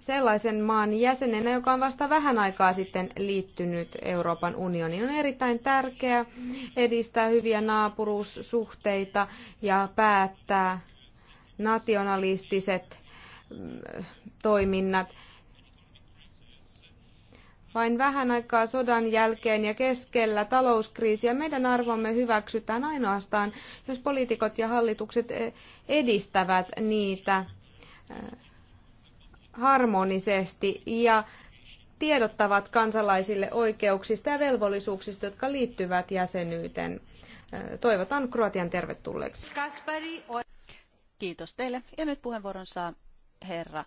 sellaisen maan jäsenenä, joka on vasta vähän aikaa sitten liittynyt Euroopan unioniin. On erittäin tärkeää edistää hyviä naapuruussuhteita ja päättää nationalistiset mm, toiminnat. Vain vähän aikaa sodan jälkeen ja keskellä talouskriisiä meidän arvomme hyväksytään ainoastaan, jos poliitikot ja hallitukset eh, edistävät niitä eh, harmonisesti ja tiedottavat kansalaisille oikeuksista ja velvollisuuksista, jotka liittyvät jäsenyyteen. Toivotan Kroatian tervetulleeksi. Kaspari, Kiitos teille. Ja nyt puheenvuoron saa herra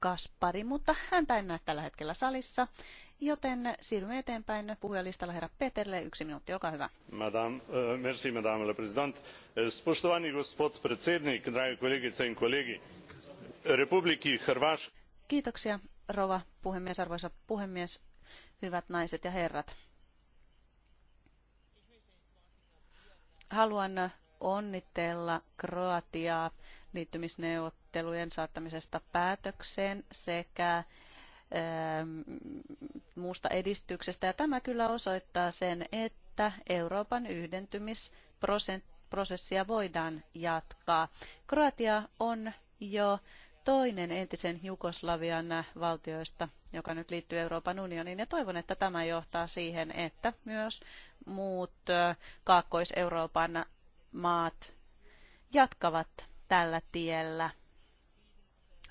Kaspari, mutta häntä en näe tällä hetkellä salissa. Joten siirrymme eteenpäin puhujalistalla herra Peterle. Yksi minuutti, olkaa hyvä. Madame, merci, madame la présidente. Spoštovani gospod predsednik, dragi kolegice in kolegi. Kiitoksia, rouva puhemies, arvoisa puhemies, hyvät naiset ja herrat. Haluan onnitella Kroatiaa liittymisneuvottelujen saattamisesta päätökseen sekä ähm, muusta edistyksestä. Ja tämä kyllä osoittaa sen, että Euroopan yhdentymisprosessia voidaan jatkaa. Kroatia on jo toinen entisen Jugoslavian valtioista, joka nyt liittyy Euroopan unioniin. Ja toivon, että tämä johtaa siihen, että myös muut Kaakkois-Euroopan maat jatkavat tällä tiellä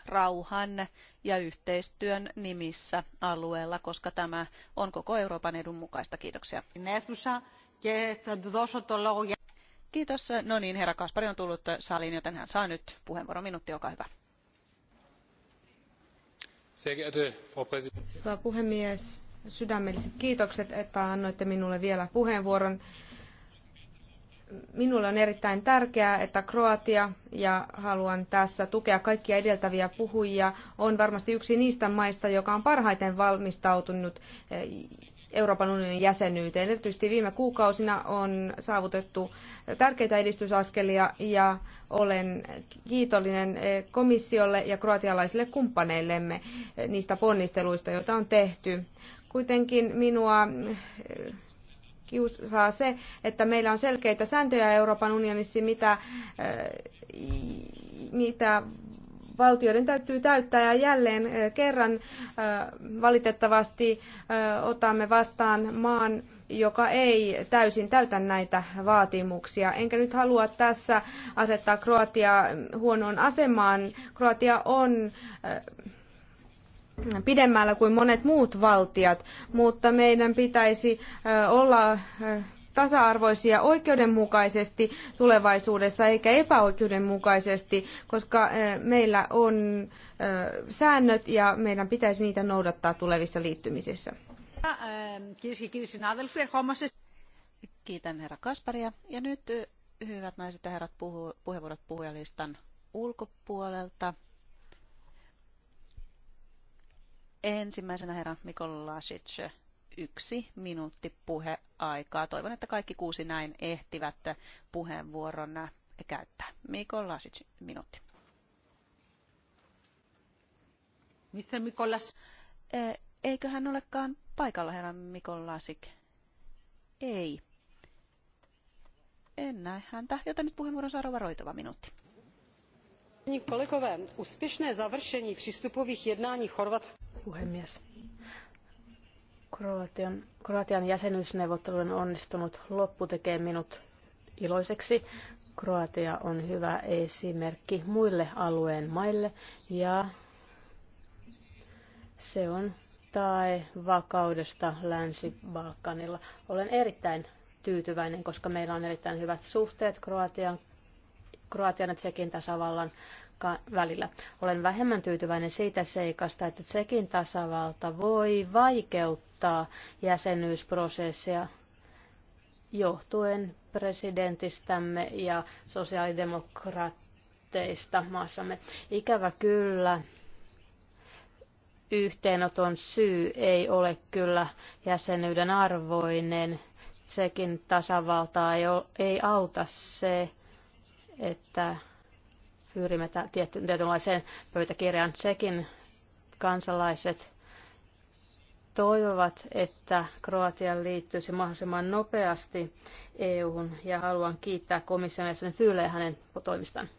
rauhan ja yhteistyön nimissä alueella, koska tämä on koko Euroopan edun mukaista. Kiitoksia. Kiitos. No niin, herra Kaspari on tullut saliin, joten hän saa nyt puheenvuoron. Minuutti, olkaa hyvä arvoisa puhemies, sydämelliset kiitokset, että annoitte minulle vielä puheenvuoron. Minulle on erittäin tärkeää, että Kroatia, ja haluan tässä tukea kaikkia edeltäviä puhujia, on varmasti yksi niistä maista, joka on parhaiten valmistautunut Euroopan unionin jäsenyyteen. Erityisesti viime kuukausina on saavutettu tärkeitä edistysaskelia ja olen kiitollinen komissiolle ja kroatialaisille kumppaneillemme niistä ponnisteluista, joita on tehty. Kuitenkin minua eh, kiusaa se, että meillä on selkeitä sääntöjä Euroopan unionissa, mitä, eh, mitä valtioiden täytyy täyttää ja jälleen eh, kerran eh, valitettavasti eh, otamme vastaan maan joka ei täysin täytä näitä vaatimuksia. Enkä nyt halua tässä asettaa Kroatiaa huonoon asemaan. Kroatia on pidemmällä kuin monet muut valtiot, mutta meidän pitäisi olla tasa-arvoisia oikeudenmukaisesti tulevaisuudessa eikä epäoikeudenmukaisesti, koska eh, meillä on eh, säännöt ja meidän pitäisi niitä noudattaa tulevissa liittymisissä. Eh, Kiitän herra Kasparia. Ja nyt hyvät naiset ja herrat puhu, puheenvuorot puhujalistan ulkopuolelta. Ensimmäisenä herra Mikol yksi minuutti puheaikaa. Toivon, että kaikki kuusi näin ehtivät puheenvuoron käyttää. Mikko Lasic, minuutti. Mr. Mikolas. E, eikö hän olekaan paikalla, herra Mikolasik? Ei. En näe häntä, joten nyt puheenvuoron saa Rova Roitova minuutti. Kolegové, úspěšné završení přístupových jednání Chorvatska. Puhemies. Kroatian, Kroatian jäsenyysneuvottelujen onnistunut loppu tekee minut iloiseksi. Kroatia on hyvä esimerkki muille alueen maille ja se on tai vakaudesta Länsi-Balkanilla. Olen erittäin tyytyväinen, koska meillä on erittäin hyvät suhteet Kroatian, Kroatian ja Tsekin tasavallan välillä. Olen vähemmän tyytyväinen siitä seikasta, että sekin tasavalta voi vaikeuttaa jäsenyysprosessia johtuen presidentistämme ja sosiaalidemokraatteista maassamme. Ikävä kyllä, yhteenoton syy ei ole kyllä jäsenyyden arvoinen. Sekin tasavaltaa ei, ei auta se, että pyrimme tietty, tietynlaiseen pöytäkirjaan. Sekin kansalaiset toivovat, että Kroatia liittyisi mahdollisimman nopeasti EU-hun ja haluan kiittää komission jäsen Fyyleä hänen toimistaan.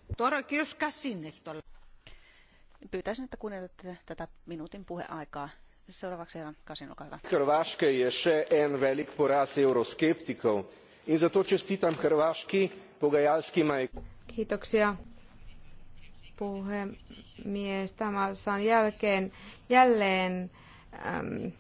Pyytäisin, että kuunnelette tätä minuutin puheaikaa. Seuraavaksi Elan Kasin, olkaa hyvä. Hrvatska je še en velik poraz euroskeptikov in zato čestitam Hrvatski pogajalskima. Kiitoksia puhemies. Tämä saan jälkeen jälleen äm,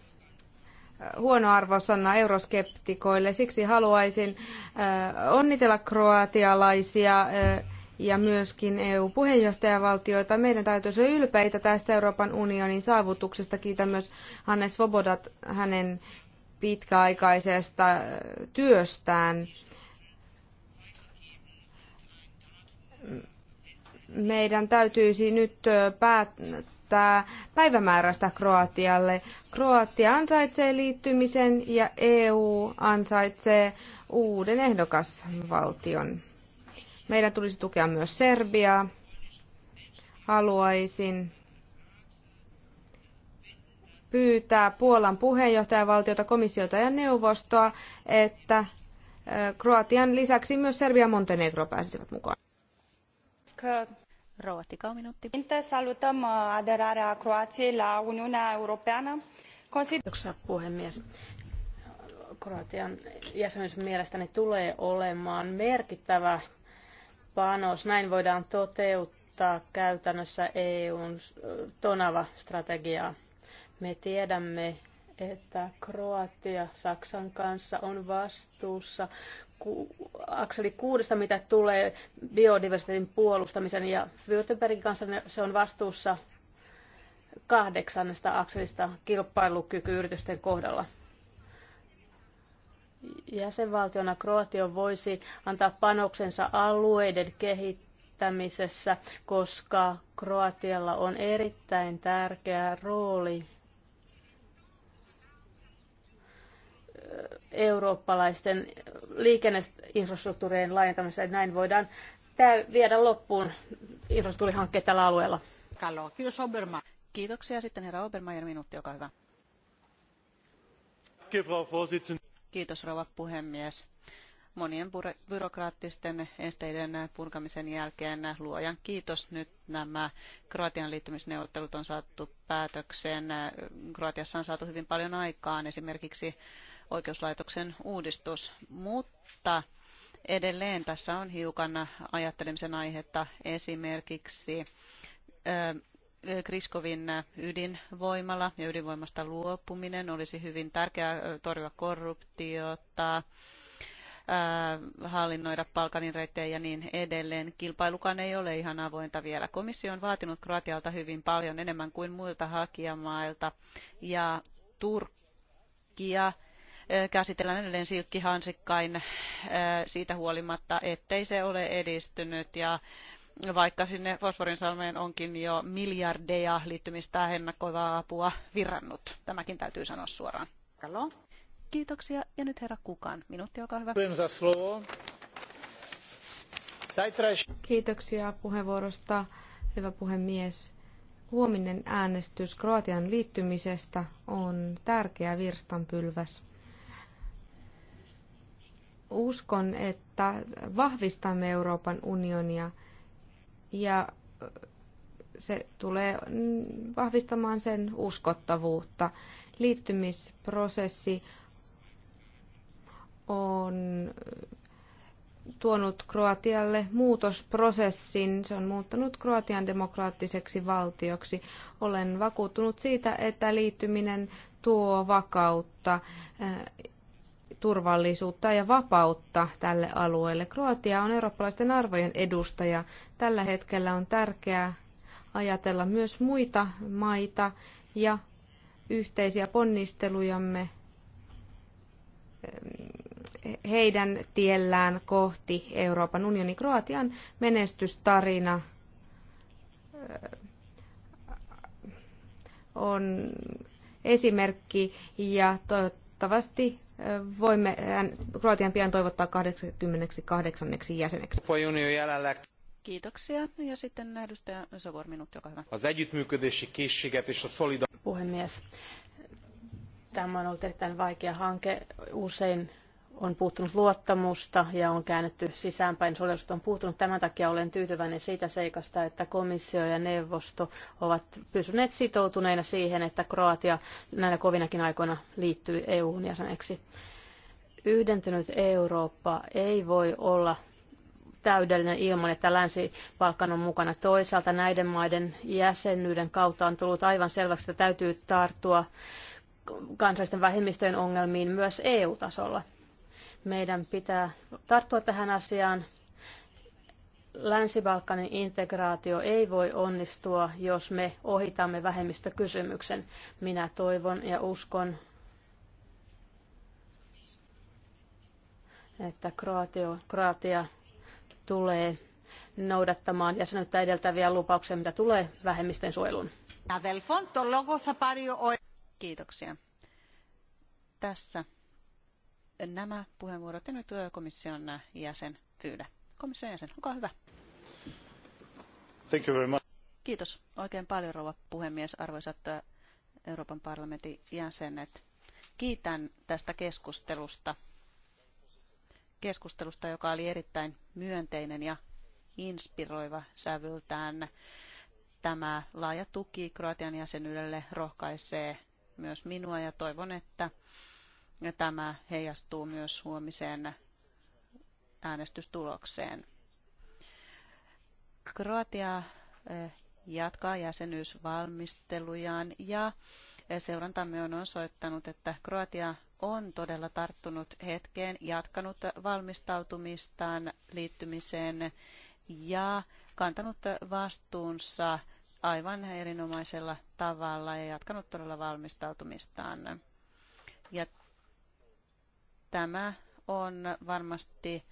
huono arvosana euroskeptikoille. Siksi haluaisin äh, onnitella kroatialaisia äh, ja myöskin EU-puheenjohtajavaltioita. Meidän täytyisi olla ylpeitä tästä Euroopan unionin saavutuksesta. Kiitän myös Hannes Svobodat hänen pitkäaikaisesta äh, työstään meidän täytyisi nyt päättää päivämäärästä Kroatialle. Kroatia ansaitsee liittymisen ja EU ansaitsee uuden ehdokasvaltion. Meidän tulisi tukea myös Serbiaa. Haluaisin pyytää Puolan puheenjohtajavaltiota, komissiota ja neuvostoa, että Kroatian lisäksi myös Serbia ja Montenegro pääsisivät mukaan. Rouva Salutăm uh, aderarea Croației la Uniunea Europeană. puhemies. Kroatian jäsenyys mielestäni tulee olemaan merkittävä panos. Näin voidaan toteuttaa käytännössä EUn äh, Tonava-strategiaa. Me tiedämme, että Kroatia Saksan kanssa on vastuussa akseli kuudesta, mitä tulee biodiversiteetin puolustamisen ja Württembergin kanssa se on vastuussa kahdeksannesta akselista kilpailukykyyritysten kohdalla. Jäsenvaltiona Kroatio voisi antaa panoksensa alueiden kehittämisessä, koska Kroatialla on erittäin tärkeä rooli eurooppalaisten liikenneinfrastruktuurien laajentamisessa, että näin voidaan tää viedä loppuun infrastruktuurihankkeet tällä alueella. Kiitos Oberma. Kiitoksia. Sitten herra Obermeier, minuutti, olkaa hyvä. Kiitos rouva puhemies. Monien byrokraattisten esteiden purkamisen jälkeen luojan kiitos nyt nämä Kroatian liittymisneuvottelut on saatu päätökseen. Kroatiassa on saatu hyvin paljon aikaan esimerkiksi oikeuslaitoksen uudistus, mutta edelleen tässä on hiukan ajattelemisen aihetta esimerkiksi Kriskovin ydinvoimala ja ydinvoimasta luopuminen olisi hyvin tärkeää torjua korruptiota, hallinnoida Balkanin reittejä ja niin edelleen. Kilpailukaan ei ole ihan avointa vielä. Komissio on vaatinut Kroatialta hyvin paljon enemmän kuin muilta hakijamailta ja Turkkia käsitellään edelleen silkkihansikkain äh, siitä huolimatta, ettei se ole edistynyt ja vaikka sinne Fosforinsalmeen onkin jo miljardeja liittymistä ennakoivaa apua virrannut. Tämäkin täytyy sanoa suoraan. Hello. Kiitoksia. Ja nyt herra Kukan. Minuutti, olkaa hyvä. Kiitoksia puheenvuorosta, hyvä puhemies. Huominen äänestys Kroatian liittymisestä on tärkeä virstanpylväs uskon, että vahvistamme Euroopan unionia ja se tulee vahvistamaan sen uskottavuutta. Liittymisprosessi on tuonut Kroatialle muutosprosessin. Se on muuttanut Kroatian demokraattiseksi valtioksi. Olen vakuuttunut siitä, että liittyminen tuo vakautta turvallisuutta ja vapautta tälle alueelle. Kroatia on eurooppalaisten arvojen edustaja. Tällä hetkellä on tärkeää ajatella myös muita maita ja yhteisiä ponnistelujamme eh, heidän tiellään kohti Euroopan unionin. Kroatian menestystarina eh, on esimerkki ja toivottavasti voimme Kroatian pian toivottaa 88. jäseneksi. Kiitoksia. Ja sitten edustaja Sogor, minuutti, olkaa hyvä. Az együttműködési készséget Puhemies, tämä on ollut erittäin vaikea hanke. Usein on puuttunut luottamusta ja on käännetty sisäänpäin. Solidaisuus on puuttunut. Tämän takia olen tyytyväinen siitä seikasta, että komissio ja neuvosto ovat pysyneet sitoutuneina siihen, että Kroatia näinä kovinakin aikoina liittyy eu jäseneksi. Yhdentynyt Eurooppa ei voi olla täydellinen ilman, että Länsi-Balkan on mukana. Toisaalta näiden maiden jäsenyyden kautta on tullut aivan selväksi, että täytyy tarttua kansallisten vähemmistöjen ongelmiin myös EU-tasolla. Meidän pitää tarttua tähän asiaan. Länsi-Balkanin integraatio ei voi onnistua, jos me ohitamme vähemmistökysymyksen. Minä toivon ja uskon, että Kroatio, Kroatia tulee noudattamaan ja jäsenyyttä edeltäviä lupauksia, mitä tulee vähemmisten suojeluun. Kiitoksia. Tässä nämä puheenvuorot ja nyt komission jäsen Fyydä. Komission jäsen, olkaa hyvä. Thank you very much. Kiitos oikein paljon rouva puhemies, arvoisat Euroopan parlamentin jäsenet. Kiitän tästä keskustelusta. Keskustelusta, joka oli erittäin myönteinen ja inspiroiva sävyltään. Tämä laaja tuki Kroatian jäsenyydelle rohkaisee myös minua ja toivon, että ja tämä heijastuu myös huomiseen äänestystulokseen. Kroatia eh, jatkaa jäsenyysvalmistelujaan ja eh, seurantamme on osoittanut, että Kroatia on todella tarttunut hetkeen, jatkanut valmistautumistaan liittymiseen ja kantanut vastuunsa aivan erinomaisella tavalla ja jatkanut todella valmistautumistaan. Ja tämä on varmasti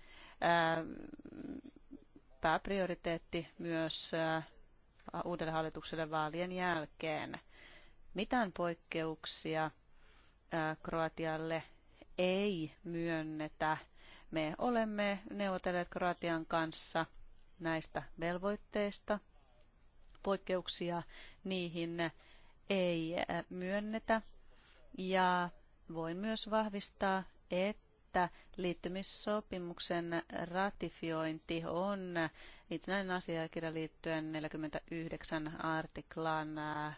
pääprioriteetti myös uudelle hallitukselle vaalien jälkeen. Mitään poikkeuksia Kroatialle ei myönnetä. Me olemme neuvotelleet Kroatian kanssa näistä velvoitteista. Poikkeuksia niihin ei myönnetä. Ja voin myös vahvistaa, että liittymissopimuksen ratifiointi on itsenäinen asiakirja liittyen 49 artiklaan äh,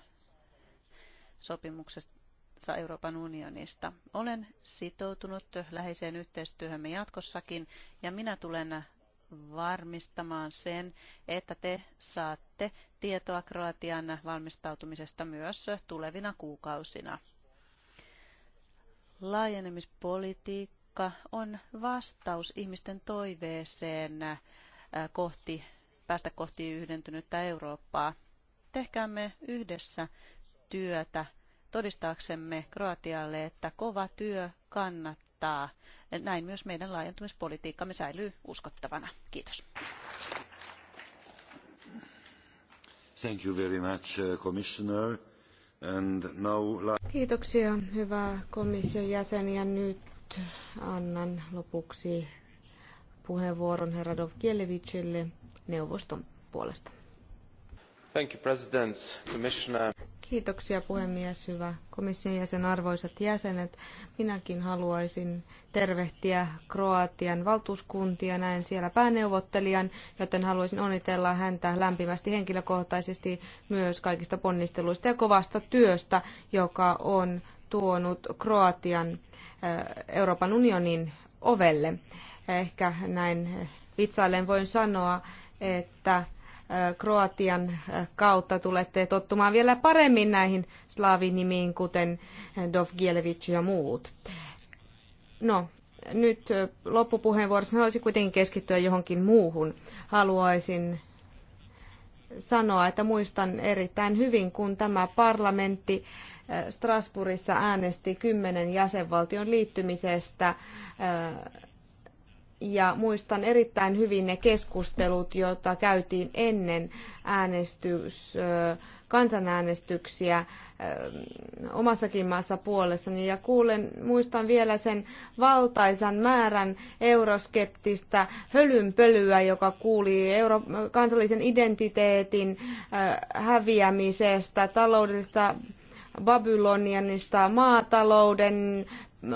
sopimuksesta Euroopan unionista. Olen sitoutunut läheiseen yhteistyöhömme jatkossakin ja minä tulen varmistamaan sen, että te saatte tietoa Kroatian valmistautumisesta myös tulevina kuukausina laajenemispolitiikka on vastaus ihmisten toiveeseen äh, kohti, päästä kohti yhdentynyttä Eurooppaa. Tehkäämme yhdessä työtä todistaaksemme Kroatialle, että kova työ kannattaa. Näin myös meidän laajentumispolitiikkamme säilyy uskottavana. Kiitos. Thank you very much, uh, Commissioner. Kiitoksia, hyvä komission jäsen. Ja nyt annan lopuksi puheenvuoron herra Dovkielevicille neuvoston puolesta. Thank you, President, Commissioner. Kiitoksia puhemies, hyvä komission jäsen, arvoisat jäsenet. Minäkin haluaisin tervehtiä Kroatian valtuuskuntia, näen siellä pääneuvottelijan, joten haluaisin onnitella häntä lämpimästi henkilökohtaisesti myös kaikista ponnisteluista ja kovasta työstä, joka on tuonut Kroatian eh, Euroopan unionin ovelle. Eh, ehkä näin vitsailen voin sanoa, että Kroatian kautta tulette tottumaan vielä paremmin näihin slaavinimiin, kuten Dovgielevic ja muut. No, nyt loppupuheenvuorossa haluaisin kuitenkin keskittyä johonkin muuhun. Haluaisin sanoa, että muistan erittäin hyvin, kun tämä parlamentti Strasbourgissa äänesti kymmenen jäsenvaltion liittymisestä ja muistan erittäin hyvin ne keskustelut, joita käytiin ennen äänestys, kansanäänestyksiä omassakin maassa puolessani. Ja kuulen, muistan vielä sen valtaisan määrän euroskeptistä hölynpölyä, joka kuuli euro, kansallisen identiteetin häviämisestä, taloudellisesta Babylonianista, maatalouden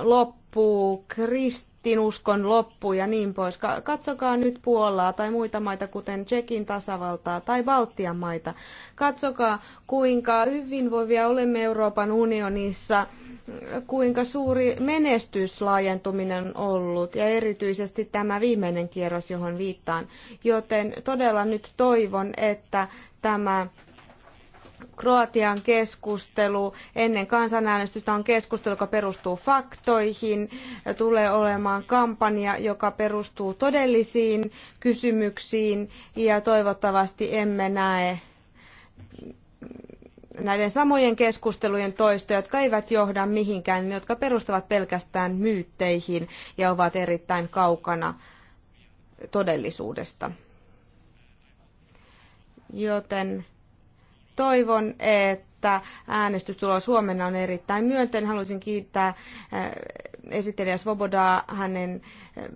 loppu, krist Tin uskon loppu ja niin pois. Katsokaa nyt Puolaa tai muita maita, kuten Tsekin tasavaltaa tai Baltian maita. Katsokaa, kuinka hyvinvoivia olemme Euroopan unionissa, kuinka suuri menestyslaajentuminen on ollut ja erityisesti tämä viimeinen kierros, johon viittaan. Joten todella nyt toivon, että tämä Kroatian keskustelu ennen kansanäänestystä on keskustelu, joka perustuu faktoihin, tulee olemaan kampanja, joka perustuu todellisiin kysymyksiin ja toivottavasti emme näe näiden samojen keskustelujen toistoja, jotka eivät johda mihinkään, jotka perustavat pelkästään myytteihin ja ovat erittäin kaukana todellisuudesta. Joten Toivon, että äänestystulos huomenna on erittäin myönteinen. Haluaisin kiittää eh, esittelijä Svobodaa hänen eh,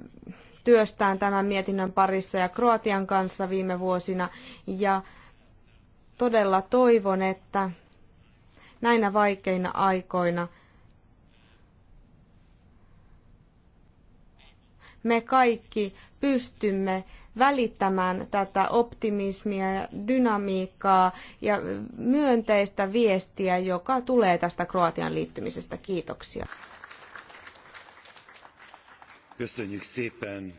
työstään tämän mietinnön parissa ja Kroatian kanssa viime vuosina. Ja todella toivon, että näinä vaikeina aikoina me kaikki pystymme välittämään tätä optimismia ja dynamiikkaa ja myönteistä viestiä, joka tulee tästä Kroatian liittymisestä. Kiitoksia. Köszönjük szépen,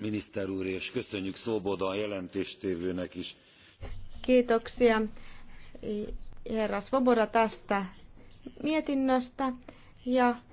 miniszter úr, és köszönjük Szoboda a jelentéstévőnek is. Kiitoksia herra Svoboda tästä mietinnöstä ja